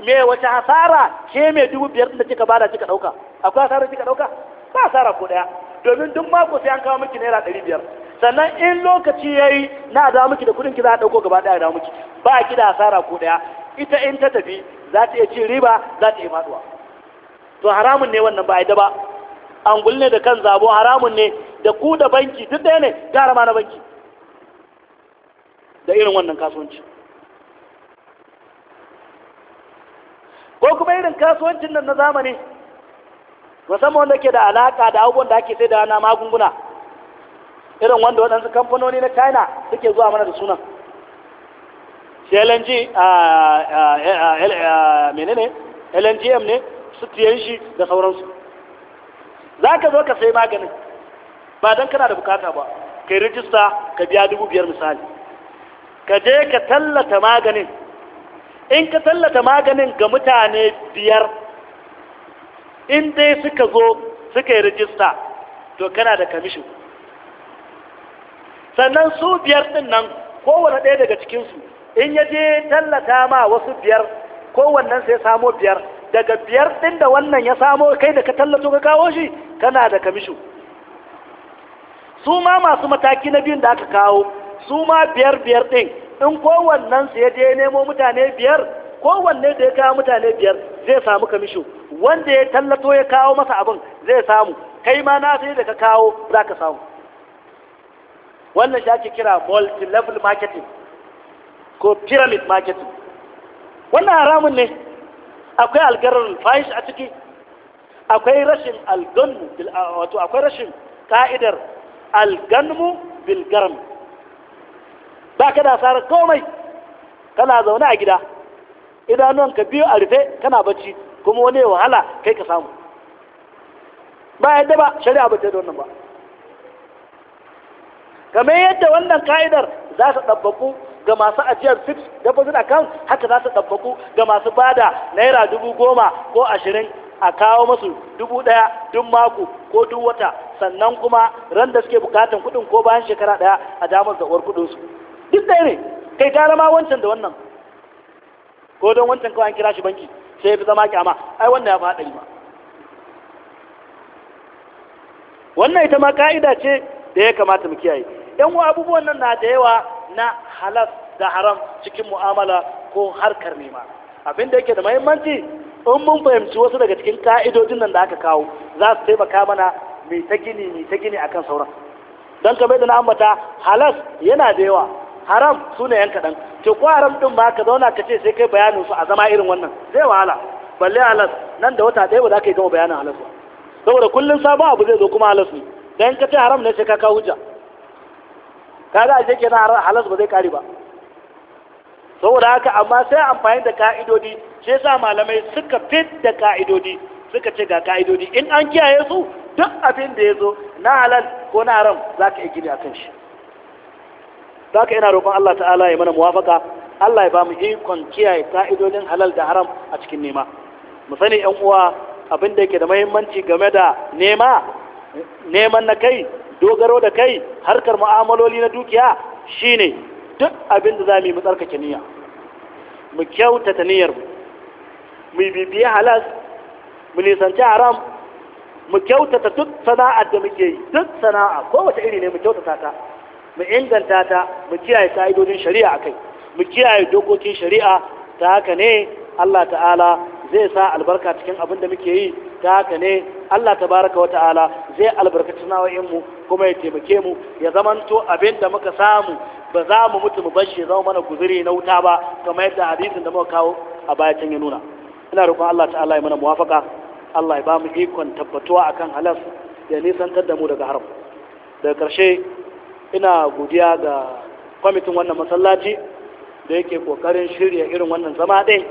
me wace hasara ke mai dubu biyar da kika bada kika ɗauka akwai hasara kika ɗauka ba sara ko daya domin duk mako sai an kawo miki naira ɗari biyar sannan in lokaci ya yi na da miki da kuɗin ki za a ɗauko gaba ɗaya da miki ba ki da asara ko daya ita in ta tafi za ta iya cin riba za ta iya faɗuwa to haramun ne wannan ba a yi da ba angul ne da kan zabo haramun ne da ku da banki duk ɗaya ne gara ma na banki da irin wannan kasuwanci ko kuma irin kasuwancin nan na zamani musamman wanda ke da alaka da abubuwan da ake sai da na magunguna irin wanda waɗansu kamfanoni na china suke zuwa mana da sunan shi lng menene lngm ne su tiyan shi da sauransu za ka zo ka sai maganin ba don kana da bukata ba ka yi rijista ka biya dubu biyar misali ka je ka tallata maganin in ka tallata maganin ga mutane biyar in dai suka zo suka yi rijista to kana da kamishin sannan su biyar ɗin nan kowane ɗaya daga cikinsu in ya je tallata ma wasu biyar kowannen sai samo biyar daga biyar ɗin da wannan ya samo kai da ka tallato ka kawo shi kana da kamishin su ma masu mataki na biyun da aka kawo su ma biyar biyar ɗin in kowannen su ya je nemo mutane biyar kowanne da ya kawo mutane biyar zai samu kamisho wanda ya tallato ya kawo masa abin zai samu kai ma na sai da ka kawo za ka samu wannan shi ake kira multi-level marketing ko pyramid marketing wannan haramun ne akwai algarar fahish a ciki akwai rashin alganmu wato akwai rashin ka'idar alganmu bilgarmu ba ka da asarar komai kana zaune a gida idanuwan ka biyu a rufe kana bacci kuma wani ya wahala kai ka samu ba yadda ba shari'a ba ta da wannan ba kamar yadda wannan ka'idar za ta ɗabbaku ga masu ajiyar fix deposit account haka za ta ɗabbaku ga masu bada naira dubu goma ko ashirin a kawo masu dubu ɗaya duk mako ko duk wata sannan kuma ran da suke bukatan kuɗin ko bayan shekara ɗaya a damar zaɓar kuɗinsu duk ɗaya ne kai gara ma wancan da wannan ko don wancan kawai an kira shi banki sai ya fi zama kyama ai wannan ya fi haɗari ma wannan ita ma ka'ida ce da ya kamata mu kiyaye yan abubuwan nan na da yawa na halas da haram cikin mu'amala ko harkar nema Abinda da yake da mahimmanci in mun fahimci wasu daga cikin ka'idojin nan da aka kawo za su taimaka mana mai ta gini mai ta gini akan sauran don kamar da na ambata halas yana da yawa haram su ne yan kaɗan to ko haram ɗin ba ka zauna ka ce sai kai bayanin su a zama irin wannan zai wahala balle halas nan da wata ɗaya ba za ka yi gama bayanin halas ba saboda kullum sabon abu zai zo kuma halas ne dan ka ce haram ne sai ka kawo hujja ka ga ashe kenan halas ba zai kare ba saboda haka amma sai amfani da ka'idodi shi yasa malamai suka fit da ka'idodi suka ce ga ka'idodi in an kiyaye su duk abin da ya zo na halal ko na haram za ka iya gini a kan shi Zaka ina roƙon Allah ta'ala ya mana muwafaka Allah ya ba mu ikon kiyaye ka'idodin halal da haram a cikin nema mu sani yan uwa abin da yake da muhimmanci game da nema neman na kai dogaro da kai harkar mu'amaloli na dukiya shine duk abin da za yi mu tsarkake niyya mu kyautata niyyar mu mu bibiye halas mu nisanci haram mu kyautata duk sana'ar da muke yi duk sana'a kowace iri ne mu kyautata ta mu inganta ta mu kiyaye ka'idodin shari'a akai mu kiyaye dokokin shari'a ta haka ne Allah ta'ala zai sa albarka cikin abin da muke yi ta haka ne Allah tabaraka wa ta'ala zai albarkaci mu kuma ya taimake mu ya zamanto abin da muka samu ba za mu mutu mu bashi ya zama mana guzuri na wuta ba kamar yadda hadisin da muka kawo a bayan ya nuna ina roƙon Allah ta'ala ya mana muwafaka Allah ya ba mu ikon tabbatuwa akan halas ya nisantar da mu daga haram daga ƙarshe ina godiya ga kwamitin wannan masallaci da yake kokarin shirya irin wannan zama ɗin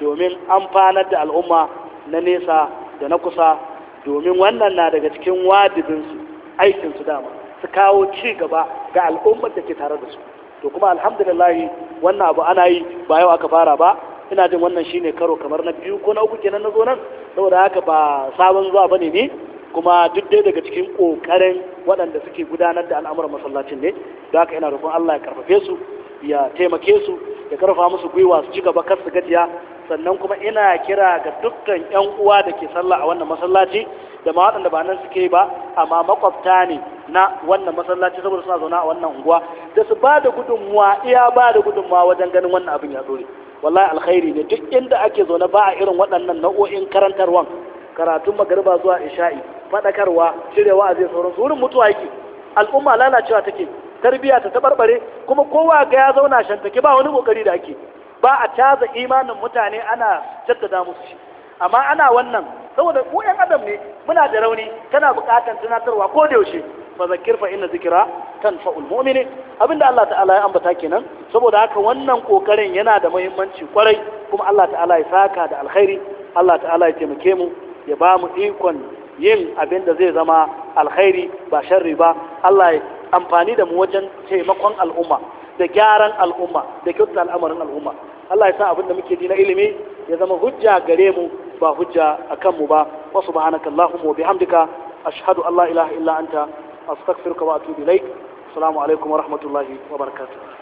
domin amfanar da al'umma na nesa da na kusa domin wannan na daga cikin wadibinsu aikinsu dama su kawo ci gaba ga al'ummar da ke tare da su to kuma alhamdulillah wannan abu ana yi ba yau aka fara ba ina jin wannan shine karo kamar na biyu ko na uku kenan na zo nan saboda haka ba sabon zuwa bane ne kuma duk dai daga cikin kokarin waɗanda suke gudanar da al'amuran masallacin ne da haka yana roƙon Allah ya karfafe su ya taimake su ya karfa musu gwiwa su ci gaba kar su gajiya sannan kuma ina kira ga dukkan yan uwa da ke sallah a wannan masallaci da ma waɗanda ba nan suke ba amma makwabta ne na wannan masallaci saboda suna zauna a wannan unguwa da su ba da gudunmuwa iya ba da gudunmuwa wajen ganin wannan abin ya dore wallahi alkhairi ne duk inda ake zaune ba a irin waɗannan nau'o'in karantarwan karatun magariba zuwa isha'i faɗakarwa cirewa zai sauran wurin mutuwa yake al'umma lalacewa take tarbiyya ta tabarbare kuma kowa ga ya zauna shantake ba wani kokari da ake ba a caza imanin mutane ana jaddada musu shi amma ana wannan saboda ku adam ne muna da rauni kana buƙatar tunatarwa ko da yaushe fa zakir fa inna zikra tanfa'ul mu'mini abinda Allah ta'ala ya ambata kenan saboda haka wannan kokarin yana da muhimmanci kwarai kuma Allah ta'ala ya saka da alkhairi Allah ta'ala ya taimake mu ya ba mu ikon yin abin da zai zama alkhairi ba sharri ba Allah ya amfani da mu wajen taimakon al'umma da gyaran al'umma da kyautar al'amarin al'umma Allah ya sa abin da muke ji na ilimi ya zama hujja gare mu ba hujja a mu ba wa subhanaka allahumma wa bihamdika ashhadu an la ilaha illa anta astaghfiruka wa atubu ilaik assalamu alaikum wa rahmatullahi wa barakatuh